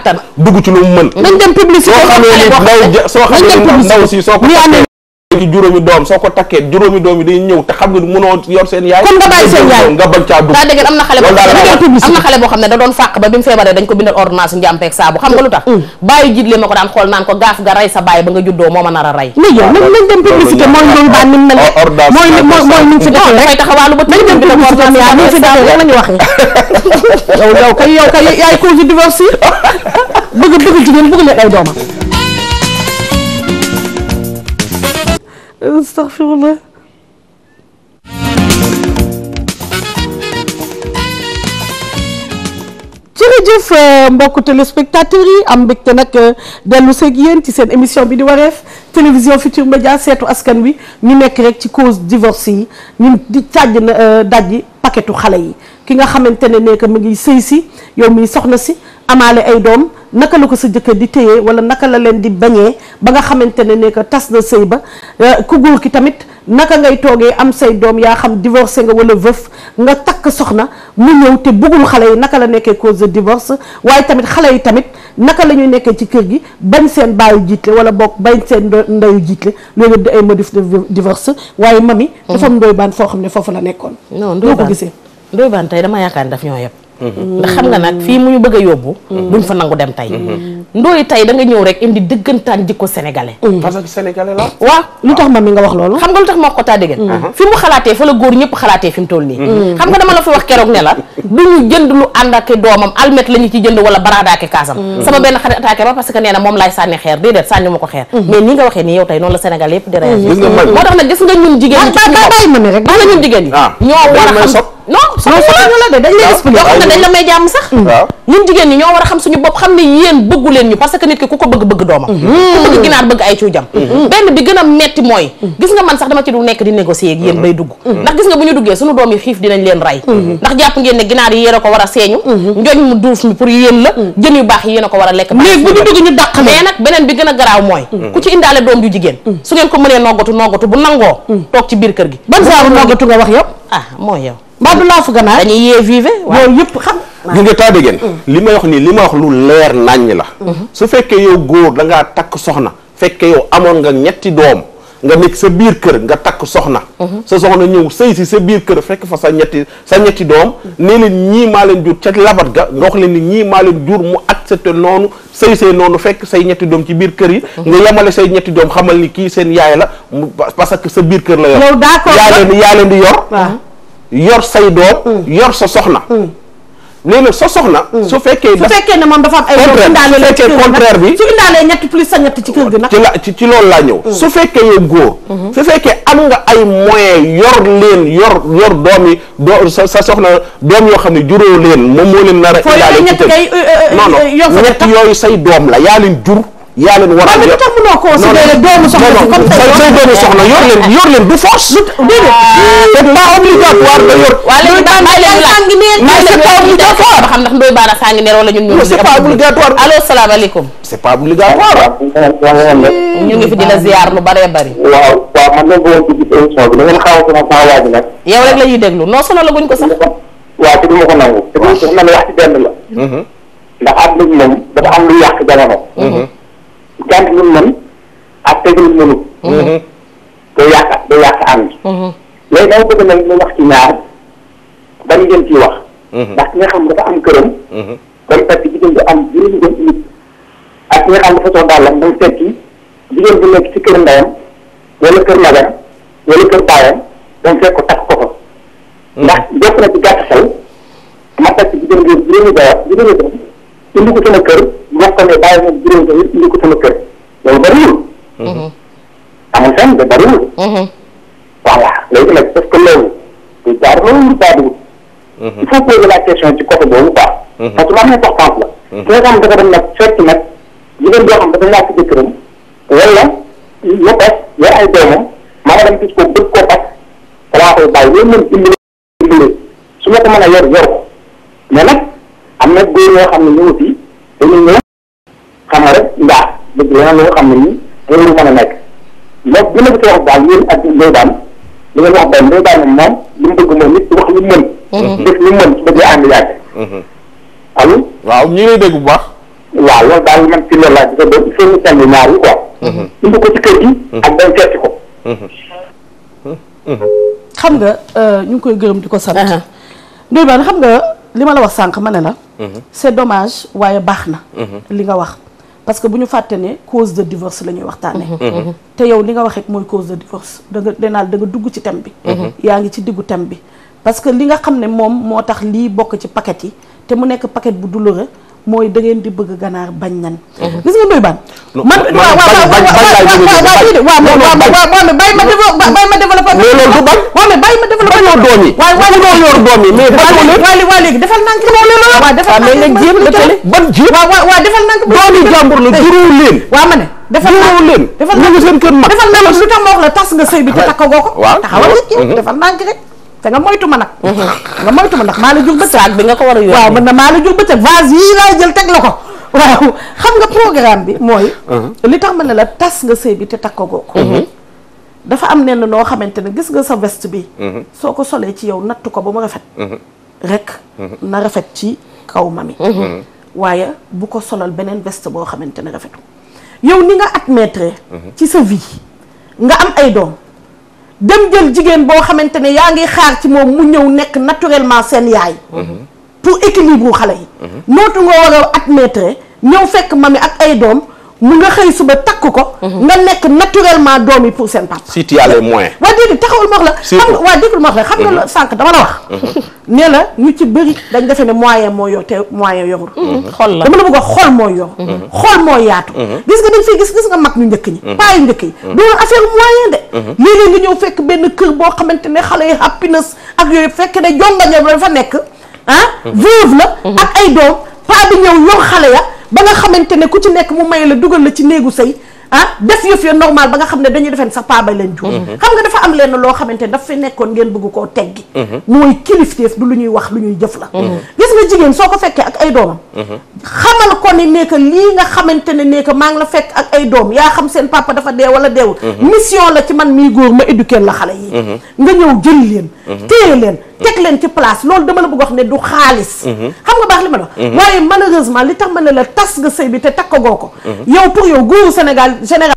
attan dugg ci lu mu mën. nañ dem publicité soo xamee ni ndaw soo xamee ni ndaw si léegi juróomi doom soo ko takkee doom na xale am xam ne da doon fàq ba bi mu feebaree dañ ko bindal ordonnance njàmpeeg saabu xam nga lu tax mm. bàyyi jiitlee ma ko daan xool naan ko gaaf ga rey sa bàyyi ba nga juddoo moo ma nar a rey mais yow nañ nañ mooy loolu baa nim mooy mooy ni ni mu fi kay yaay cause divorce yi <laughs> bëgg bëgg jigéen bëgg la ay doomam astaghfirullah jërëjëf euh, mbokk téléspectateurs yi am mbégte nag euh, dellu seeg yéen ci seen émission bi di wareef télévision Futur Média seetu askan wi ñu nekk rek ci cause divorce yi ñun di càjj na euh, dajji paquetu xale yi ki nga xamante ne nekk mu ngi sëy si yow miy soxna si amaale ay doom naka la ko sa jëkkër di téye wala naka la leen di bañee ba nga xamante ne ne tas na sëy ba euh, ku góor ki tamit naka ngay toogee am say doom yaa xam divorcé nga wala veuf nga takk soxna mu ñëw te bëggul xale yi naka la nekkee cause de divorce waaye tamit xale yi tamit naka la ñuy nekkee ci kër gi bañ seen baayu jiitle wala boog bañ seen ndayu jiitle loolu yëpp di ay modif de divorce waaye mami. dafa am mm. ndoy baan foo xam ne foofu la nekkoon. non ndoy baan loo ko gisee. ndoy baan tey yëpp. ndax xam nga nag fii mu ñu bëgg a yóbbu. duñ fa nangu dem tey. ndooy tey da ñëw rek indi dëggantaan jikko sénégalais. parce la. lu tax ma mi nga wax loolu. xam nga lu tax ma wax ko taa dégg uh-huh. mu xalaatee fa la góor ñëpp xalaatee fi toll nii. xam nga dama la fa wax keroog ne la du ñu jënd lu ànd ak doomam almet la ci jënd wala baraadaake kaasam. Mm-hmm. sama benn xarit attaqué parce que nee moom laay sànni xeer déedéet sànni ma ko xeer. Mm-hmm. mais ni nga waxee nii a non su la de dañ lay expliqué yoo xam ne dañ la mm. a xam suñu bopp xam ne yéen bëggu leen ñu parce que nit ki ku ko bëgg bëgg mm-hmm. mm-hmm. mm-hmm. bi gën a metti mooy gis nga man sax dama ci du nekk di négocier ak yéen bay dugg ndax bu ñu duggee suñu doom yi xiif dinañ leen rey ndax jàpp ne ginaar yi yéen a ko la jën yu baax yi ko war a lekk léegi bu bi gën a garaaw mooy ku ci indaale jigéen su ngeen ko mënee noggatu noggatu bu nangoo toog ci biir kër gi ban saaru noggatu nga wax yow ah mooy yow mbaa du laafu ganaar dañuy yee vivé waaw yëpp xam gi nga taa gen mm. li may wax nii li ma wax lu leer naññ la mm-hmm. su fekkee yow góor da ngaa takk soxna fekkee yow amoon nga ñetti doom nga nekk sa biir kër nga takk soxna mm-hmm. sa soxna ñëw sëy si sa biir kër fekk fa sa ñetti sa ñetti doom mm-hmm. nee leen ñii maa leen jur ca labat ga nga wax leen ni ñii maa leen jur mu accepté noonu sëy see noonu fekk say ñetti doom ci biir kër yi nga yemale say ñetti doom xamal ni kii seen yaay la parce que sa biir kër la yor yor say doom. Mm. yor sa soxna. Mm. léegi nag sa soxna. Mm. su fekkee su fekkee ne moom dafa am ay doom. fekkee contraire bi su indaalee ñett plus sa ñett ci kër gi nag. ci la ci loolu laa ñëw. su fekkee yow góor. Mm-hmm. su fekkee am nga ay moyen yor leen yor yor doom yi doo sa sa soxna doom yoo xam ne juróo leen moom moo leen nar a. indaale ci kër euh, euh, non non euh, ñett yooyu say doom la yaa leen jur. yaa leen war a yor doomu soxna comme say doomu soxna yor leen yor leen du force. c'est pas obligatoire nga yor. waaye léegi ndax may leen laaj may c'est pas obligatoire. ba xam ndax Ndoye Bane saa ngi neer wala ñun ñoo. c'est pas obligatoire allo salaamaaleykum. c'est pas obligatoire. ñu ngi fi di la ziar lu bëree bëri. waaw waaw man de bëggoon ci gis émission bi da ngeen xaw a sama sama waaj nag. yow rek la ñuy déglu non sonal guñ ko sax. waaw te du ma ko nangu. te bu ñu wax ci benn la. Mhm. ndax am nañ moom dafa am lu yàq jamono. Mhm. jàng lu mu mën ak teg lu mu mënut. Mm-hmm. day yàq day yàq ànd. léegi mm-hmm. dama bëgg nag ñu wax ci ñaar bañ ngeen ciy wax. Mm-hmm. ndax ki nga xam dafa am këram. day fekk jigéen bi am juróomi nekk ci kër ndeyam wala kër magam wala kër baayam day fekk ko takk ko fa. ndax jot na ci gàtt xel ma takk jigéen bi juróomi doon juróomi ko sama kër. bokkale bàyyi moom juróom tamit indi ko sama kër loolu bariwul. Mhm. amul fenn de bariwul. Mhm. voilà léegi nag parce que loolu du jaar loolu lu mhm. la question ci côté boobu quoi. parce que lu am importance la. ki nga xam dafa dem nag fekk nag jigéen boo wala mu tas yor ay doomam maanaam dem gis ko bëgg koo tas damaa koy bàyyi loolu moom dimbali su ma ko mën a yor am na góor yoo ne ñëw dañuy ñëw xam nga rek ndax dëgg xam ne nii loolu mën a nekk lépp bu la ko wax daal yéen ak Ndoye Bane li moom li mu bëgg moom nit wax lu mën. Mhm. lu mën su bëggee ànd yàgg. Mhm. allo. waaw ñu baax. waaw loolu daal man ci nga il mhm. ak dem seeti ko. xam nga euh, ñu koy gërëm di ko sant. Uh-huh. Ndoye Bane xam nga li ma la wax sànq ma ne la. c'est dommage waaye baax na. Mhm. li nga wax parce que bu ñu fàtte ne cause de divorce la ñuy waxtaanee. Mhm. Mhm. te yow li nga wax mooy cause de divorce da nga denaal da dugg ci thème bi. yaa ngi ci diggu thème bi parce que li nga xam ne moom moo tax lii bokk ci paquet yi te mu nekk paquet bu douloureux. mooy da ngeen di bëgg ganaar bañ nan mhm. gis nga ndoy baan man waaw waaw waaw waaw mais bàyyi ma bàyyi ma développé bàyyi ma développé ñoo doom doom yi mais bañu léegi defal nank waaw defal nank ah, mais nga jéem dëkkale ban jéem waaw waaw waaw defal nank doom yi jàmbur la juróom leen waaw ma defal nank seen kër mag defal nank lu tax ma wax la tas nga sëy bi te ah, takkagoo ko taxawal rek mhm. defal nank rek te nga moytu ma nag. Mhm. nga moytu ma ndax maa la jur bëccëg. saag bi nga ko war a yóbbu waaw man na maa la jur bëccëg vase yii laa jël teg la ko waaw xam nga programme bi mooy. Mhm. li tax ma ne la tas nga sëy bi te takkagoo ko. Mhm. dafa am nenn noo xamante ne gis nga sa veste bi. soo ko solee ci yow natt ko ba mu rafet. rek na rafet ci kaw mami. waaye bu ko solal beneen veste boo xamante ne rafetu yow ni nga admettre. ci sa vie nga am ay doom. dem jël jigéen boo xamante ne yaa ngi xaar ci moom mu ñëw nekk naturellement seen yaay. Mhm. pour équilibre xale yi. nootu mhm. nga war a admettre ñëw fekk ma mi ak ay doom mu nga xëy suba takk ko. Mhm. nga nekk naturellement doom yi pour seen papa. si tu as les moyens. waa déedéet taxawul ma wax la. surtout xam waa la xam nga mhm. dama la wax. Mhm. nee la ñu ci bëri dañ defee ne moyen mooy yor te moyen yorul. xol la dama la bëgg a xol moo yor. xol moo yaatu. gis nga dañ fay gis gis nga mag ñu njëkk ñi. paa yu njëkk yi. doon affaire moyen de. léeg-léeg nga ñëw fekk benn kër boo xamante ne xale yi happiness ak yooyu fekk ne jonga ñoom dafa nekk ah. veuve la. ak ay doom paa bi xale ya ba nga xamante ne ku ci nekk mu may la dugal la ci néegu sëy ah def yëf ya normal ba nga xam ne dañuy defee sax paa bay leen jur mm-hmm. xam nga dafa am lenn loo xamante ne daf fi nekkoon ngeen bëgg koo teggi mm-hmm. mooy kilifteef du lu ñuy wax lu ñuy jëf la mm-hmm. gis nga jigéen soo ko fekkee ak ay doomam xamal ko ne nekk lii nga xamante ne nekk maa ngi la fekk ak ay doom yaa xam seen papa dafa dee wala deewul mission la ci man mii góor ma éduquer la xale yi nga ñëw jël leen téye leen teg leen ci place loolu dama la bëgg wax ne du xaalis xam nga baax li ma la li tax ma ne la tas nga bi te takkagoo ko yow yow Sénégal général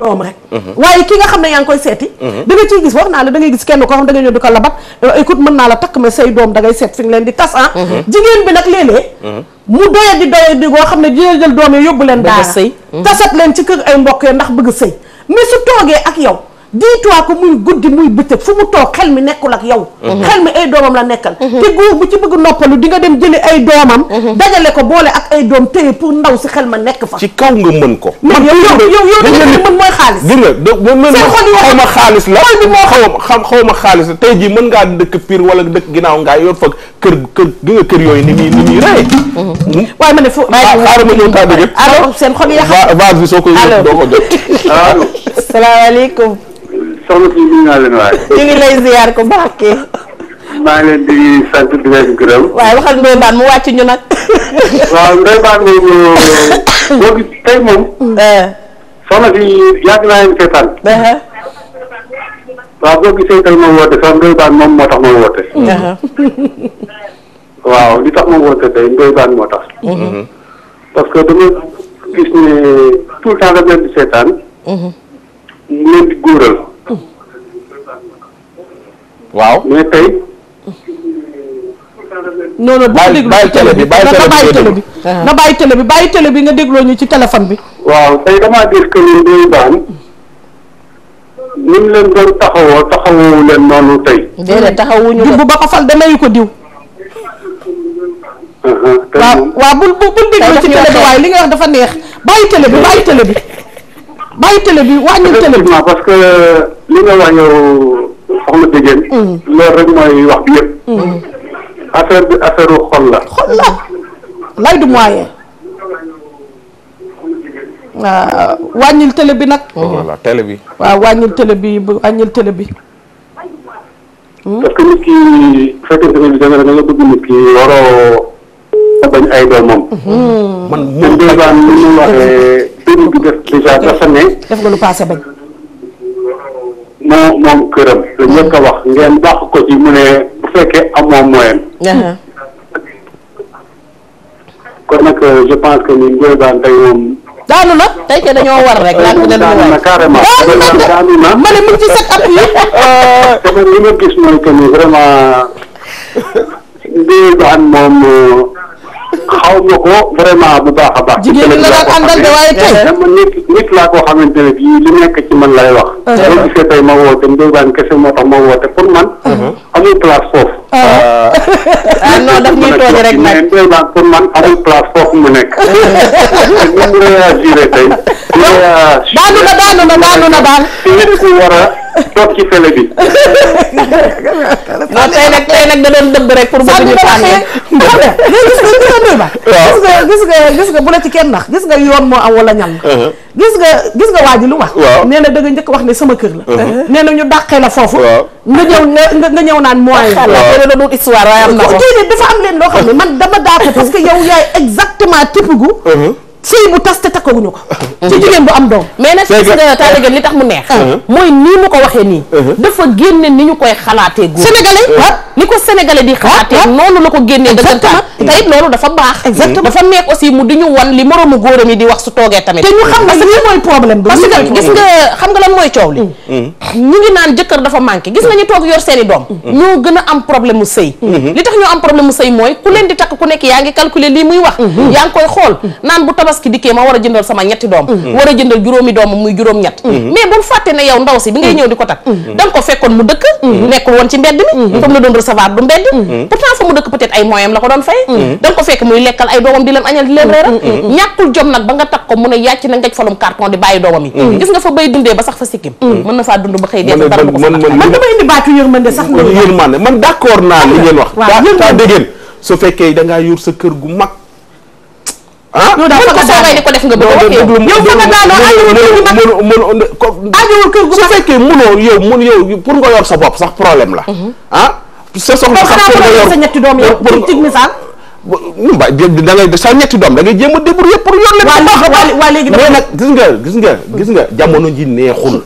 doom rek waaye ki nga xam ne yaa ngi koy seeti da nga ciy gis wax naa la da ngay gis kenn koo xam da nga ñëw di ko labat eh, écoute mën naa la takk mais say doom da seet fi nga leen di tas ah mhm. jigéen bi nag léeg-léeg mu doye di doye di goo xam ne dina jël doom yi yóbbu leen daara tasat leen ci kër ay mbokk ndax bëgg sëy mais su toogee ak yow dis-toi que muy guddi muy bëccëg fu mu toog xel mi nekkul ak yow mhm. xel mi ay doomam la nekkal mhm. te góor bu ci bëgg noppalu di nga dem jëli ay doomam mhm. dajale ko boole ak ay doom téye pour ndaw si xel ma nekk fa ci kaw nga mën ko yow yow yow dañu mën mooy xaalis di nga mën xaw ma xaalis la xaw xaw ma xaalis la tey jii mën ngaa dëkk piir wala dëkk ginnaaw ngaa yor fa kër kër di nga kër yooyu ni muy ni muy rey hmm? waaye ma ne fu ah, xaaral ma ñëw taa dëgg alors seen xol yi vase bi soo ko yëg doo ko jot soxna si nuyu naa leen waaye. ñu ngi lay ziar ko baaxee. maa leen di sant di leen gërëm. waaye waxal Ndoye Bane mu wàcc nag. waaw Ndoye Bane moom euh, boo gis tey moom. Eh. soxna si yàgg naa leen seetaan. Eh. waaw boo gisee tey ma woote sax Ndoye Bane moom moo tax ma woote. Eh. waaw li tax ma woote tey Ndoye Bane moo tax. Mm-hmm. parce que dama gis ne tout temps da ngeen di seetaan. ngeen mm-hmm. di góoral. waaw mais tey. non non bàyyi bàyyi télé bi bàyyi nga bàyyi télé bi bàyyi télé bi nga dégloo ñu ci téléphone bi. waaw tey damaa gis que ñun Ndoye Bane ni leen doon taxawoo taxawu leen noonu tey. déedéet taxawuñu ko diw ba ko fal danañu ko diw. waaw waaw bul bul bul dégloo ci télé bi waaye li nga wax dafa neex bàyyi télé bi bàyyi télé bi bàyyi télé bi wàññil télé bi. parce que li nga wax soxna jigéen. Mm. loolu rek mooy wax bi yëpp. Mm. affaire bi affaire u xol la. xol la lay du moyen. waaw wàññil télé bi nag. Oh, voilà télé bi. waaw wàññil télé bi wàññil télé bi. Hmm? nit ki waroo bañ ay doomam. Hmm. moom <laughs> def dèjà lu paase bañ. moo moom këram. lu a wax ngeen dàq ko ci mu ne bu fekkee amoo moyen. kon nag euh, je pense que ñun Ndoye Bane tey moom. daanu na tey kay dañoo war rek. daanu na daanu na carrément daanu na ma ne mu ngi ci set euh, ma gis mooy que ni vraiment Ndoye Bane moom. Euh, xaw ma ko vraiment bu baax a baax. jigéen ñi la daan àndal de waaye tey dama nit la ko koo xamante ne bii li nekk ci man lay wax. Ah. boo gisee tey ma woote Ndoye Bane kese moo tax ma woote pour man. Ah. amul place foofu. ah, ah. non daf ñuy tooñ rek nag mais Ndoye Bane pour man amul place foofu mu nekk. te ni mu réagir tey. daanu na daanu na daanu toog ci télé bi. non tey nag tey nag da dëbb rek pour bëgg ñu tàngee. gis nga gis nga gis nga bu la ci kenn ndax gis nga yoon moo am wala ñal uh-huh. gis nga gis nga waa ji lu wax. nee na da nga njëkk wax ne sama kër la. Uh-huh. nee na ñu dàqee la foofu. nga ñëw nga nga ñëw naan moyen. waaw waaw xanaa doon histoire waaye am na ko. dafa am leen loo xam ne man dama daate parce que yow yaay exactement type gu. Uh-huh. sëy bu tas te takkawuñu ko. <laughs> ci jigéen bu am doom. mais nag gis nga <laughs> taaliga li tax mu neex. Uh-huh. mooy nii mu ko waxee nii. Uh-huh. dafa génne ni ñu koy xalaatee góor. sénégalais. Uh-huh. ni ko sénégalais di xalaatee noonu la ko génnee dëggantaan te it loolu dafa baax exactement dafa nekk aussi mu di ñu wan li moroomu góoram yi di wax su toogee tamit te ñu xam nga lii mooy problème coow li mm. Mm. ñu ngi naan jëkkër dafa manqué gis nga ñu toog yor seen i doom mm. ñoo gën a am problème mu sëy mm-hmm. li tax ñoo am problème sëy mooy ku leen di takk ku nekk yaa ngi calculer lii muy wax mm-hmm. yaa ngi koy xool mm-hmm. naan bu tabaski dikkee ma war a jëndal sama ñetti doom war a jëndal juróomi doom muy juróom ñett mais bul fàtte ne yow ndaw si bi ngay ñëw ko takk ko fekkoon mu dëkk nekkul woon ci mbedd mi recevoir du mbedd mm-hmm. pourtant fa mu dëkk peut ay moyens la ko doon fay mm-hmm. da nga ko fekk muy lekkal ay doomam di mm-hmm. ko mun a yàcc na ko ah, fekkee da ngaa yor sa kër gu ah? ko def nga bëgg yow fa nga daanoo gu mag su fekkee munoo yow mun yow pour sa bopp sax problème la ah sa soxna sax soo yor sa ñetti doom yi ci misaal mba da ngay sa ñetti doom da ngay jéem a débrouiller pour yor leen waaw léegi nag gis gis nga gis nga jamono ji neexul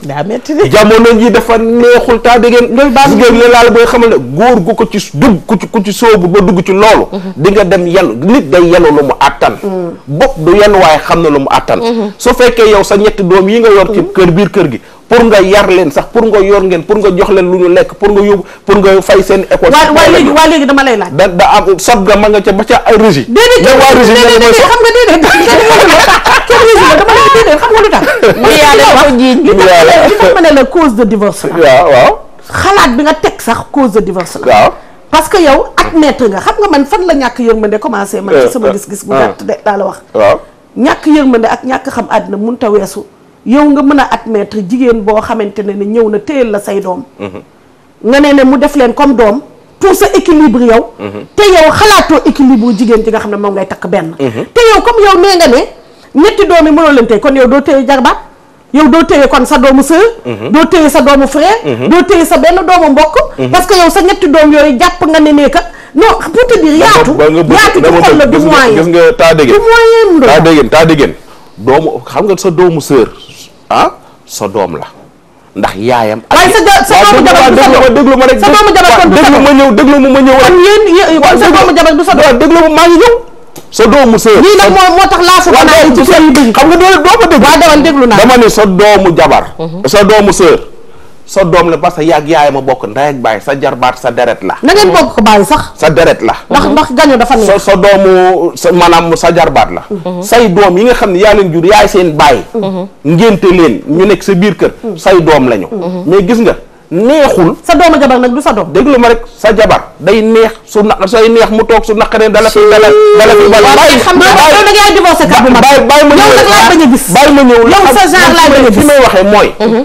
jamono ji dafa neexul taa di ngeen gis nga li laal booy xamal ne góor gu ko ci dugg ku ci ku ci soobu ba dugg ci loolu mm-hmm. di nga dem yellu nit day yellu lu mu àttan mm. bopp du yenn waaye xam na lu mu àttan mm-hmm. su fekkee yow sa ñetti doom yi nga yor ci mm-hmm. kër biir kër gi pour nga yar leen sax pour nga yor ngeen pour nga jox leen lu ñu lekk pour nga yóbbu pour nga fay seen école. waaw waaw léegi waaw léegi dama lay laaj. da da am ah, sot ga ma nga ca ba ca ay régie. déedéet déedéet xam nga déedéet <laughs> dama lay déedéet xam nga lu tax. lii yaa leen ko jiiñ li tax ma ne la cause de divorce la. waaw waaw. xalaat bi nga teg sax cause de divorce la. waaw. parce que yow admettre nga xam nga man fan la ñàkk yërmande commencé man ci euh, sama euh, gis-gis bu gàtt euh. de laa la wax. waaw ñàkk yërmande ak ñàkk xam àddina mun ta weesu yow nga mën a admettre jigéen boo xamante ne ne ñëw na téyel la say doom nga ne ne mu def leen comme doom pour sa équilibre yow mhm. te yow xalaatoo équilibre jigéen ji nga xam ne moom ngay takk benn mhm. te yow comme yow nee nga ne ñetti doom yi mënoo leen tey kon yow doo téye jarbaat yow doo téye kon sa doomu sœur mhm. doo téye sa doomu frère doo téye sa benn doomu mbokk parce que yow sa ñetti doom yooyu jàpp nga ne nee no non pour te dire yaatu yaatu ci xel la du moyen nga taa déggéen du moyen taa doomu xam nga sa doomu sœur ah sa doom la ndax yaayam. waaye sa doomu jabar du sa doom déglu ma rek. jabar du sa doom ma ñëw déglu ma ma ñëw rek. kon yéen kon sa doomu jabar du sa doom waaw nag moo tax laasu ko naa ci seen xam nga doo doo ma déglu. waaw dama déglu naa dama ne sa doomu jabar. Mhm. sa doomu sër. sa doom la parce que yàgg yaay ma bokk ndey ak baay sa jarbaat sa deret la. na ngeen bokk ko bàyyi sax. sa deret la. Mhm. sa sa doomu sa maanaam sa jarbaat la. Mhm. Mhm. say doom yi nga xam ne yaa leen jur yaay seen baay. ngénte leen ñu nekk sa biir kër. say doom lañu. mais gis nga. neexul sa doomu jabar nag du sa doom déglu ma rek sa jabar day neex su na say neex mu toog su naqaree dala fi dala dala fi bal bàyyi xam nga yow da ngay a kat bu bàyyi ma ñëw bàyyi bañ a gis fi may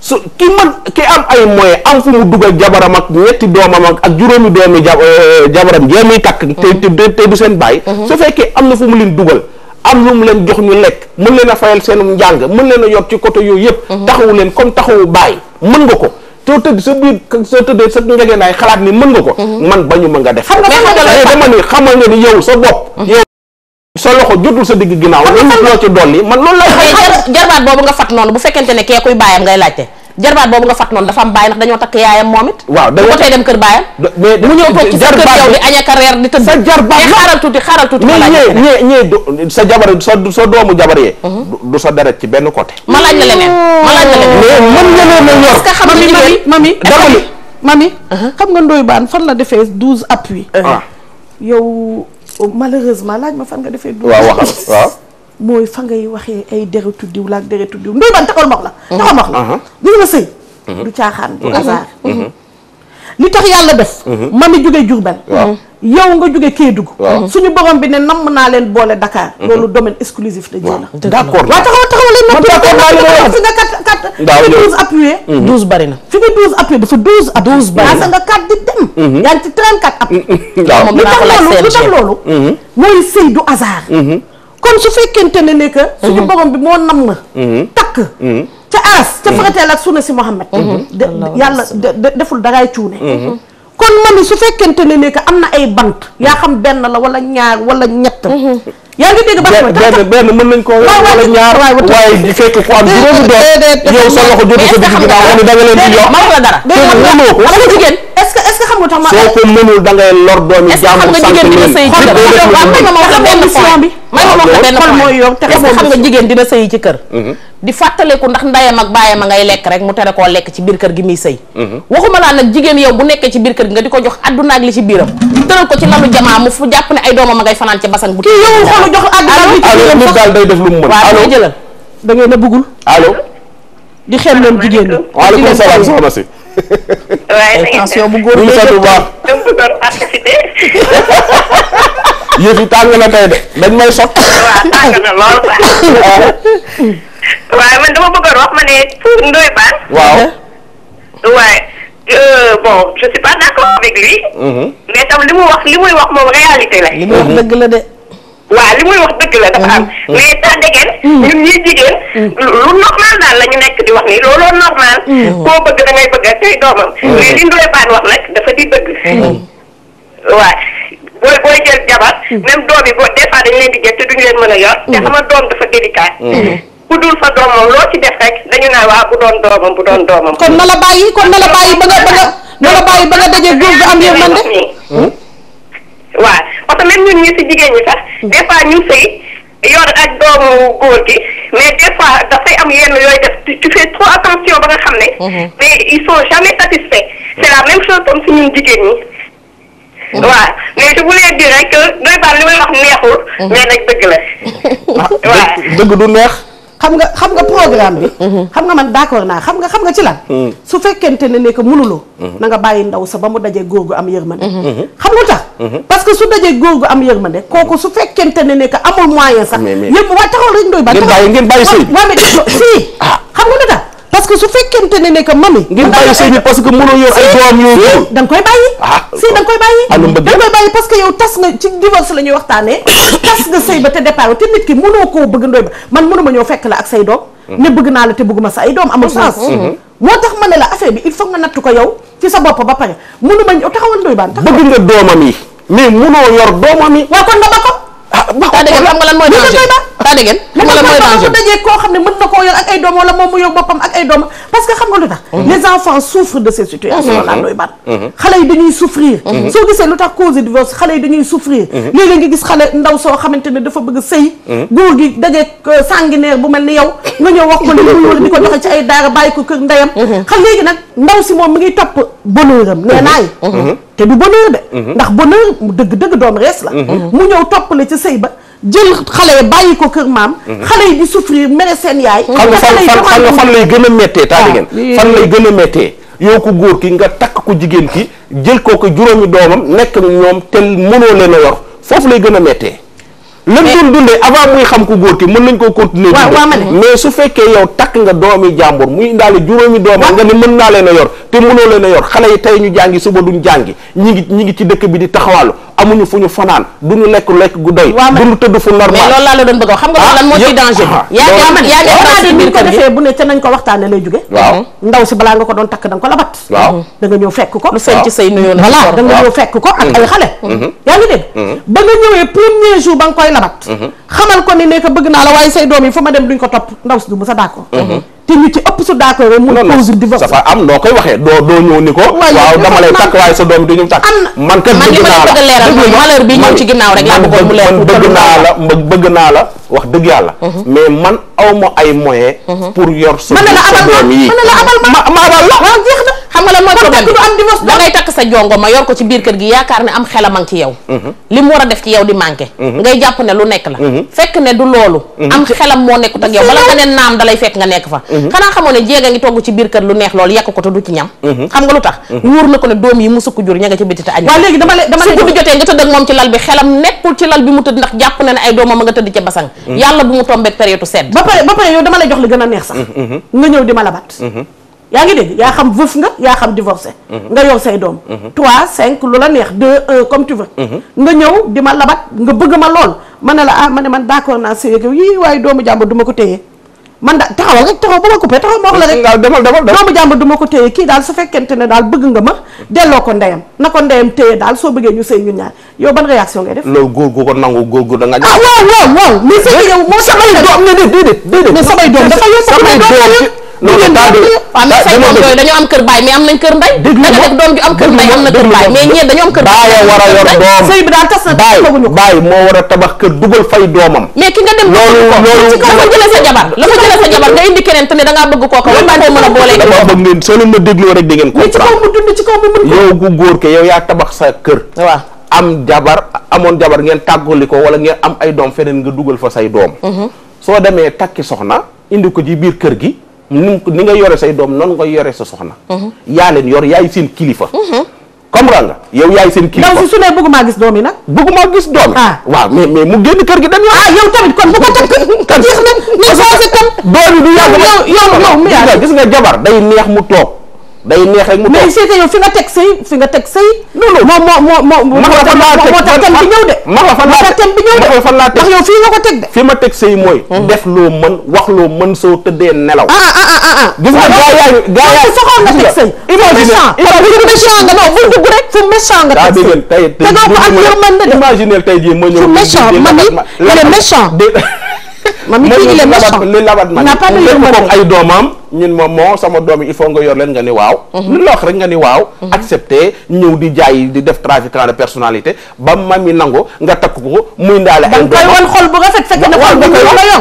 su ki man ki am ay moyen am fu mu dugal jabaram ak ñetti doomam ak juróomi doomi eh, jabaram jéem a takk. Mm-hmm. te du seen bàyyi. Mm-hmm. su fekkee am na fu mu leen dugal. am lu mu leen jox ñu lekk mën leen a fayal seenum njàng mën leen a yor ci côté yooyu yëpp. Mm-hmm. taxawu leen comme taxawu bàyyi mën nga ko. soo tëdd sa biir soo tëddee sa njegeenaay xalaat ni mën nga ko. man bañu ma nga def. xam nga dama ni xamal nga ni yow sa bopp. sa loxo jotul sa digg ginnaaw. loolu loo ci dolli man loolu lay. mais jarbaat boobu nga fat noonu bu fekkente ne kee kuy baayam ngay laajte jarbaat boobu nga fat noonu dafa am baay ndax dañoo takk yaayam moom it. waaw da nga dem kër baayam. mais mu ñëw toog ci sa kër yow di añaka reer di tëdd. sa jarbaat mais xaaral tuuti xaaral tuuti. ma laaj la mais ñee ñee ñee sa jabar sa sa doomu jabar yee. Mhm. du sa deret ci benn côté. ma laaj la leneen ma laaj la leneen. mais mën nga leen a ñor. est-ce que xam nga mami mami mami. Uh-huh. xam nga Ndoye Bane fan la defee douze appui ah. yow Oh, malheureusement laaj ma fan nga defee. waaw waxal waaw. mooy fa ngay waxee ay deretu diw la ak deretu diw ndoy ban taxawal ma la. taxawal ma wax la. li nga sëy. du caaxaan du hasard. li tax yàlla def mhm. mami jóge Diourbel yow nga jóge Kédougou suñu borom bi ne namm naa leen boole Dakar mhm. loolu domaine exclusif de Dieyna d'accord waaw taxawal taxawal leen fi nga kat douze appuyé mhm. douze bari na fi nga douze appuyé dafa douze appuyé douze bari na nga kat di dem yaa ngi ci trente quatre tax loolu lu tax loolu mooy sëy du hasard kon su fekkente ne ne que suñu borom bi moo namm takk ca aras ca fagateel ak sunna si Muhammad mhm. yàlla deful dangay cuune mhm. Mhm. kon ma ni su fekkente ne ne am na ay bant yaa xam benn la wala ñaar wala ñett yaa ngi dégg baax na benn mën nañ ko wala ñaar waaye di fekk ku am juróomi da leen di yox ma wax la dara mënoo ko xam nga jigéen est-ce da ngay lor dina sëy ci kër bi may ma mooy yow te xam nga jigéen dina sëy ci kër mm-hmm. di fàttaleku ndax ndayam ak baayam a ngay lekk rek mu tere koo lekk ci biir kër gi muy sëy mm-hmm. waxuma laa nag jigéen yow bu nekkee ci biir kër gi nga di ko jox àdduna ak li ci biiram tëral ko ci lalu jamaa mu fu jàpp ne ay doomam a ngay fanaan ci basan bu jox àdduna nit daal day def lu mu mën waaw jëlal da ngeen a bëggul allo di xem leen jigéen ñi waaleykum salaam soxna si attention eh, bu góor ñu sant bu baax <laughs> yëf yi tàng na tey de dañ may sot waaw tàng na lool <laughs> waaye man dama bëggoon wax ma ne pour Ndoye Bane waaw waaye euh, bon je suis pas d'accord avec lui mm-hmm. mais tam li mu wax li muy wax la li muy wax mm-hmm. dëgg la de waaw li muy wax dëgg la dafa am. Mm-hmm. mais tax degen mm-hmm. ñun ñii jigéen. Mm-hmm. lu normal daal la ñu nekk di wax nii looloo normal. boo bëgg da ngay bëgg ak say doomam. mais li Ndoye wax nag dafa di dëgg. waaw booy booy jël jabar. même doom yi boo des fois dañu leen di jël te duñu leen mën a yor. te xam doom dafa délicat. ku dul fa doomam loo ci def rek dañu naan waa bu doon doomam bu doon doomam. kon na la bàyyi kon na la bàyyi ba nga ba nga na la bàyyi ba nga daje góor gu même ñun ñu si jigéen ñi sax mm. des fois ñu sëy ak doomu góor gi mais des fois dafay am yenn yooyu def tu fais trop attention ba nga xam ne mm-hmm. mais ils sont jamais satisfaits c'est la même chose comme si ñun jigéen ñi waaw mm-hmm. mais je voulais dire rek que doy baan li neexul mm-hmm. mais nag dëgg la waaw <laughs> dëgg du neex xam nga xam nga programme bi. Mm-hmm. Mm-hmm. xam nga man d'accord naa xam nga xam nga ci lan. Mm. su fekkente ne ne que mënuloo. Mm-hmm. na bàyyi ndaw sa ba mu dajee góor gu am yërmande. xam nga tax. parce que su dajee góor gu am yërmande kooku su fekkente ne ne que amul moyen sax. mais mais yëpp waaye taxawal rek ndoy ba. ngeen bàyyi ngeen bàyyi sëy. waaw mais <coughs> ah. xam nga lu tax. parce que su fekkente ne ne que mami. ngeen bàyyi sëy bi parce que mënoo yor ay doom yooyu. da nga ah, koy bàyyi. parce que yow tas nga ci divorce la ñuy tas nga sëy ba te départ te nit ki mënoo koo bëgg ndoy ba man mënuma ñëw fekk la ak say doom. Mm-hmm. ne bëgg naa la te bëgguma sa ay doom amul mm-hmm. sens. Mm-hmm. moo tax ma ne la affaire bi il faut nga natt ko yow ci sa bopp ba pare mënuma ñëw taxawal ndoy baan. bëgg nga yor doomam yi. waaw kon nga ba ko. ah ko daa dégg ngeen wala mooy koo xam ne mën na koo yor ak ay doom wala moom mu yor que xam nga lu tax mm-hmm. les enfants souffrent de ces situations là mm-hmm. doy baat mm-hmm. xale yi dañuy souffrir soo gisee lu tax cause divorce xale yi dañuy souffrir léeg-léeg nga gis xale ndaw soo xamante ne dafa bëgg sëy góor gi dajee bu mel ni yow nga ñëw wax ko ne mu wër di ko joxe ci ay daara bàyyi ko kër ndeyam xam léegi nag ndaw si moom mi ngi topp bonheuram nee naay te du bonheur de ndax bonheur dëgg-dëgg doom rees la mu ñëw topp la ci sëy ba jël xale yi bàyyi ko kër maam. Mhm. xale yi di souffrir mere seen yaay. xam nga fan fan lay gën a méttee. Ah. taaligen fan lay gën a méttee. yow ko góor ki nga takk ko jigéen ki jël ko ko juróomi doomam nekk ñoom te mënoo leen a yor foofu lay gën a méttee. lan doon dundee avant muy xam ko góor ki mën nañ koo continuer mais su fekkee yow takk nga doomi jàmbur muy indaale juróomi doomam nga ne mën naa leen a yor te mënoo leen a yor xale yi tey ñu jàngi suba duñ jàngi ñi ngi ñi ngi ci dëkk bi di taxawaalu amuñu fu ñu fanaan du ñu lekk lekk gu doy. du ñu tëdd fu normal mais loolu laa la doon bëgg a xam nga lan moo ngi ko defee bu ne te nañ ko waxtaanee lay jóge. waaw ndaw si balaa nga ko doon takk da nga ko labat. waaw da nga ñëw fekk ko. lu sëñ ci sëy nuyoo la voilà da ñëw fekk ko ak ay xale. Mm-hmm. Mm-hmm. yaa ngi mm-hmm. ba nga ñëwee premier jour ba nga koy labat. xamal ko ni ne bëgg naa la waaye say doom yi fu ma dem duñ ko topp ndaw si du mu sa d'accord te ñu ci ëpp su d'accord mu cause divorce dafa am noo koy waxee doo doo ñëw ni ko waaw dama lay takk waaye sa doom du ñu takk man kat bëgg naa la leeral mooy malheur bi ñëw ci ginnaaw rek laa bëggoon mu leer man bëgg naa la ma bëgg naa la wax dëgg yàlla mhm. mais man aw ma ay moyen mhm. pour yor sa doom yi xam ma a ngi mhm. mu war a def ci yow di manqué mhm. ngay mhm. am xelam moo nekkut ak yow nga ne nekk fa xanaa xamoo ne a ngi togg ci biir kër lu neex loolu ko te du ci ñam xam nga lu tax wóor na moom ci lal bi xelam nekkul ci lal bi mu tëdd ndax jàpp na ay doomam a nga tëdd ca basang yàlla bu mu tombeek période sedd ba pare ba dama lay jox li gën a neex sax nga ñëw di ma labat yaa ngi dégg yaa xam veuf nga yaa xam divorcé mhm. nga yor say doom mhm. trois cinq lu la neex deux un comme tu veux mhm. nga ñëw di ma labat nga bëgg ma lool ma na la ah ma ne man d'accord naa sëy ak yow yii waaye doomu jàmbur du ko téye man da taxawal rek taxaw ba ma coupé taxaw ma wax la rek doomu jàmbur du ko téye kii daal su fekkente ne daal bëgg nga ma delloo ko ndeyam na ko ndeyam téye daal soo bëggee ñu sëy ñun ñaar yow ban réaction ngay def loolu góor non non daa doon daa doon am kër baay mais am nañ kër ndey. déglu ma déglu doom ju am kër ndey am na kër baay a yor doom sëy bi daal tas na tas na baay a tabax la la fa jëlee sa jabar nga indi keneen te ne da ngaa bëgg a boolee. ngeen soo leen ma dégloo rek di ngeen comprendre. mais ci ko. yow gu tabax sa kër. waaw am jabar amoon jabar ngeen tàggali ko wala ngeen am ay doom feneen nga dugal fa say doom. Mhm. soo demee takki soxna indi ko ci biir kër gi ni ni nga yore say doom noonu nga yore sa soxna. yaa leen yor yaay seen kilifa. comprendre nga yow yaay seen kilifa. ndaw a su dee bëggumaa gis doom yi nag. bëggumaa gis doom ah. waaw mais mais mu génn kër gi dem yoon. ah yow tamit kon bu a takk. <laughs> kan jeex na ñu soose kan. doom yi du yàgg yow gis nga jabar day neex mu toog. day neex rek mu. mais c'est que yow fi nga teg sëy fi nga teg sëy. non non moo moo moo moo. max fii ma teg sëy mooy. Mm. def loo mën wax loo mën soo tëddee nelaw. ah ah ah ah. ah. gis nga gaa yaay gaa yaay nga teg sëy. imagine imagine méchant nga non fu méchant nga teg jii imagine tey jii ma ñëw. mami kii il est li labat man ko ay doomam ñun moom moo sama doom yi il faut nga yor leen nga ni waaw mhm. lu la wax rek nga ni waaw mhm. accepté ñëw di jaay di def trafiquant de personnalité ba mami nangu nga takk ko muy ndaale ay doomam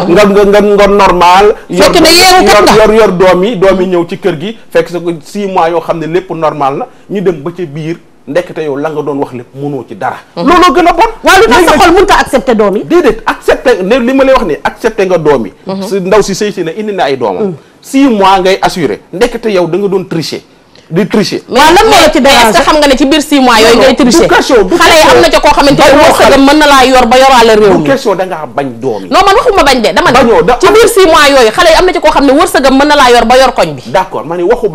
da koy nga nga nga nga yor yor doom yi doom yi ñëw ci kër gi fekk sa ko mois yoo xam ne lépp normal na ñu dem ba ca biir ndekete yow la nga doon wax lépp mënoo ci dara. Mhm. looloo gën a bon. waaw lu tax sa xol mënut a accepté doom yi. déedéet accepté ma lay wax nii accepté nga doom yi. Mhm. si ndaw si sëy si ne indi na ay doomam. Mm. six mois ngay assuré ndekete yow da nga doon tricher. di tricher. waaw lan moo ci déranger est mois yooyu ngay tricher xale yi am na ca koo xamante ne wërsëgam mën na laa yor ba yoraale réew mi bu question da ngaa bañ doom yi man waxuma bañ de dama ne ci biir six mois yooyu xale yi am na ca koo xam ne wërsëgam mën na laa yor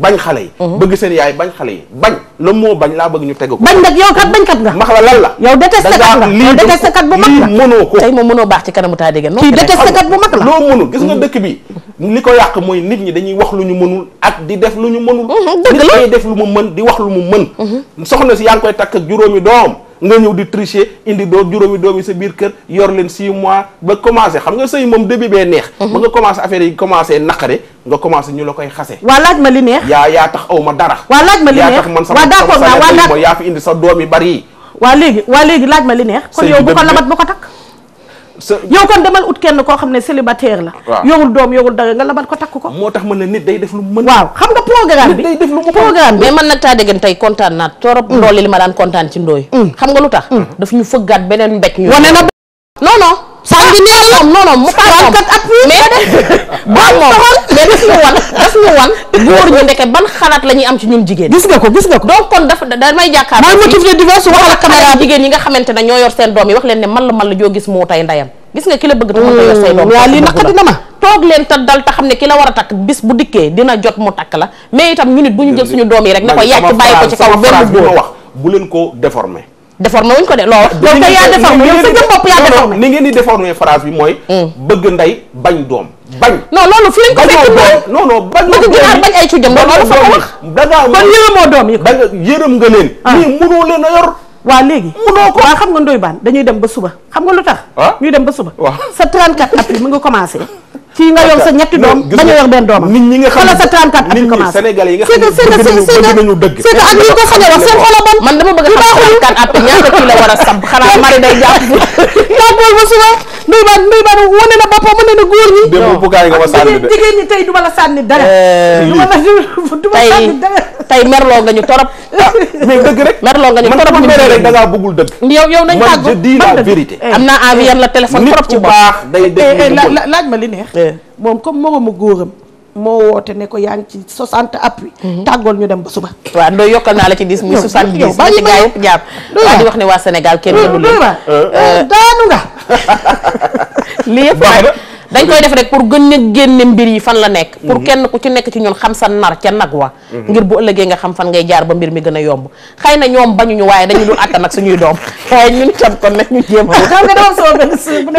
bañ xale yi. Mhm. bëgg seen yaay bañ xale yi bañ la moo bañ laa bëgg ñu teg ko. bañ nag yow kat bañ kat nga. max la lan la. yow déteste kat bu mag la lii baax ci kanamu taa dégg nga. kii déteste kat bu mënul gis nga mhm. dëkk bi. li ko yàq mooy nit ñi dañuy wax lu ñu mënul ak di def lu ñu mënul. Mhm, dëgg la nit def lu mu mën di wax lu mu mën. soxna si yaa ngi koy takk ak juróomi doom nga ñëw di tricher indi doo juróomi doom sa biir kër yor leen 6 mois ba commencé xam nga sëy moom début bee neex mhm. ba nga commencé affaire yi commencé naqare nga commencé ñu la koy xase waa laaj ma li neex yaa yaa tax aw ma dara waa laaj ma li neex yaa tax man sama d'accord naa yaa fi indi sa doom yi bari yi waa léegi waa léegi laaj ma li neex kon yow bu ko labat bu ko takk yow kon demal ut kenn koo xam ne célibataire la yorul doom yorul dara nga labal ko takk ko moo tax mën la nit day def lu mën waaw xam nga programme bi programme bi mais man nag taa déggan kontaan naa torop ndoole mm. li ma daan kontaan ci ndooy mm. xam nga lu tax mm. daf ñu fëggaat beneen mbéj ñu wane na sànni ah, néew la non non mu paas moom mais <laughs> boobu moom mais daf ñu wan daf ñu wan góor ñu ndeke ban xalaat la ñuy am ci ñun jigéen gis nga ko gis nga ko donc kon dafa damay jàkkaar mooy motif jigéen yi nga xamante ne ñoo yor seen doom yi wax leen ne man la man la joo gis moo tay ndayam gis nga ki la bëgg ta man la yor say doom waaw lii naqadi na ma toog leen te dal te xam ne ki la war a takk bis bu dikkee dina jot mu takk la mais itam ñu nit bu ñu jël suñu doom yi rek ne ko yàcc bàyyi ko ci déformé wuñ ko de loolu. yow kay yaa déformé yow sa jëm bopp yaa déformé. ni ngeen di déformé phrase bi mooy. Mm. bëgg ndey bañ doom bañ. non loolu fi lañ ko fekk doom non non ay cujjam loolu fa ko wax. da ngaa kon yërëmoo doom yi. da yërëm nga ah. leen. a yor. waa léegi mënoo ko waaw xam nga ndoy baan dañuy dem ba suba xam nga lu tax. Ah. ñuy dem ba suba. sa 34 appui mi nga commencé. <laughs> fii nga yor sa ñetti doom bañ a yor benn doom nit ñi nga xam sa 34 at commencé sénégalais yi nga xam ne dëgg c'est que ak ñi ko xam ne wax seen xol a bon man dama bëgg xam 34 at ñaata kii la war a samp xanaa mari day jàpp tàmpool <laughs> ba suba Ndoye Bane Ndoye Bane wane na boppam wane na góor ñi. démb bu gaay nga ma sànni la sànni dara. Eh. du ma la <laughs> du ma sànni dara. tey merloo nga ñu torop. Ah, merloo nga ñu torop man man rek yow yow nañ tàggu la eh. am naa envie la téléphone trop ci bopp eh, laaj ma li neex. moom comme moromu góoram. moo woote ne ko yaa ngi ci 60 appui. tàggool ñu dem ba suba. waa ndooy yokkal naa la ci 10 muy 70. yow bàyyi ma yëpp jàpp waa di wax ne waa Sénégal kenn. du du daanu nga. lii yëpp dañ koy def rek pour gën a génne mbir yi fan la nekk pour mhm. kenn ku ci nekk ci ñoom xam sa nar ca nag wa mhm. ngir bu ëllëgee nga xam fan ngay jaar ba mbir mi gën a yomb xëy na ñoom bañuñu waaye dañu dul àttan ak suñuy doom <laughs> waaye ñun itam kon nag ñu jéem <laughs> xam nga dama sama benn si bu <laughs>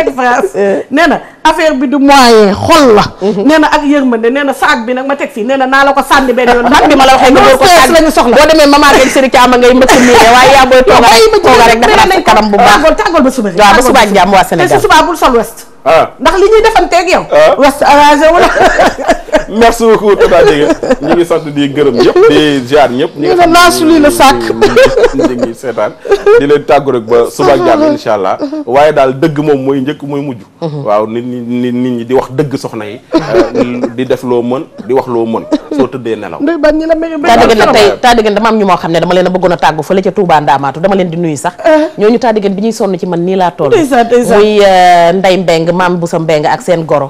eh. na affaire bi du moyen xol la mhm. nee na ak yërmande nee na saag bi nag ma teg fii nee naa la ko sànni benn yoon la waxee nga door ko sànni lañu soxla boo demee maman ngay sëri caama ngay mbëkk waaye yaa booy rek tooga rek kanam bu baax tàngool ba suba waaw ba suba jàmm waa Sénégal te su suba bul sol west Ah. ndax li ñuy defanteeg yow. Ah. was arrangé wu la. <laughs> merci beaucoup ñu ngi sant di gërëm ñëpp di jaar ñëpp. ñu ngi naas luy la sàkk ñu ngi seetaan di leen tàggu rek ba suba ak jàmm incha allah waaye daal dëgg moom mooy njëkk mooy mujj. Mhm. waaw nit ñi nit ñi di wax dëgg soxna yi. <laughs> di def loo mën di wax loo mën soo tëddee nelaw ndoy bañ dama am ñu moo xam ne dama leen a bëggoon a tàggu ca Touba Ndaamaatu dama leen di nuyu sax ah. ñooñu taadiggéen bi ñuy sonn ci man nii laa toll muy euh, Ndey Mbeng maam Busa Mbeng ak seen goro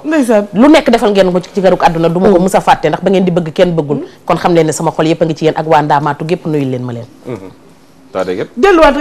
lu nekk defal ngeen ko ci garuk àdduna du ma ko mm. musa fàtte ndax ba ngeen di bëgg kenn bëggul mm. kon xam leen sama xol yëpp a ngi ci yéen ak waa Ndaamaatu gépp nuyu leen ma leen mm-hmm. taadiggéen delluwaat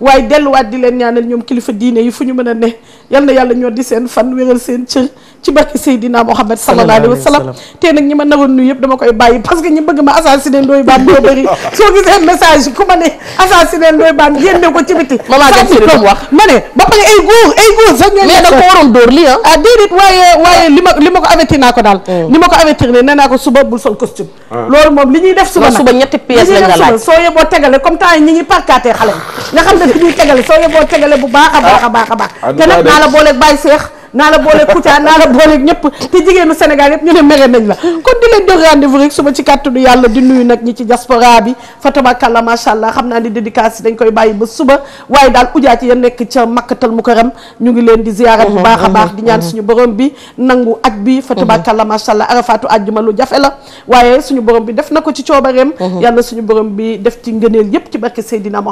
waaye delluwaat di leen ñaanal ñoom kilifa diine yi fu ñu mën a ne yal na yàlla ñoo di seen fan wéral seen cër ci barke Seydina Mohamed sallallahu alayhi wa te nag ñi ma naroon nuyu yëpp dama koy bàyyi parce que ñi bëgg ma assassiné Ndoye Bane ñoo bëri soo gisee message ku ma ne assassiné Ndoye Bane génne ko ci biti <laughs> mama si doom ma ne ba pare ay góor ay góor sax ñoo mais da ko waroon dóor li ah? ah déedéet waaye waaye li ma li ma ko avertir naa oh. ne nee naa ko suba bul sol costume Ah. loolu moom li ñuy def suba nag suba ñetti pièces lañ la laaj soo yeboo tegale comme temps yi ñi parkaatee xale nga xam ne fi ñuy tegale soo yeboo tegale bu baax a baax a baax a baax ah, te nag naa la booleeg bàyyi seex naa la boole Kouthia naa la boole ñëpp te jigéenu Sénégal yëpp ñu ne mere nañ la kon di leen jox rendez-vous suba ci kàttanu yàlla di nuyu nag ñi ci diaspora bi fatabakalla macha allah xam naa ni dédicace dañ koy bàyyi ba suba waaye daal ujaa ya nekk ca makkatal mukarram ñu ngi leen di ziarat bu baax a baax di ñaan suñu borom bi nangu aj bi fatabakalla macha allah arafatu àjjuma lu jafe la waaye suñu borom bi def na ko ci coobareem mhm. yàlla suñu borom bi def ci ngëneel yëpp ci barke Seydina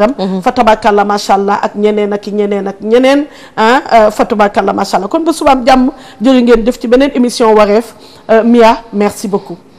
frère am mhm. fa tabakalla macha allah ak ñeneen ak ñeneen ak ñeneen ah euh, fa la macha allah kon ba subaam jàmm jërë ngeen jëf ci beneen émission wareef euh, Mia merci beaucoup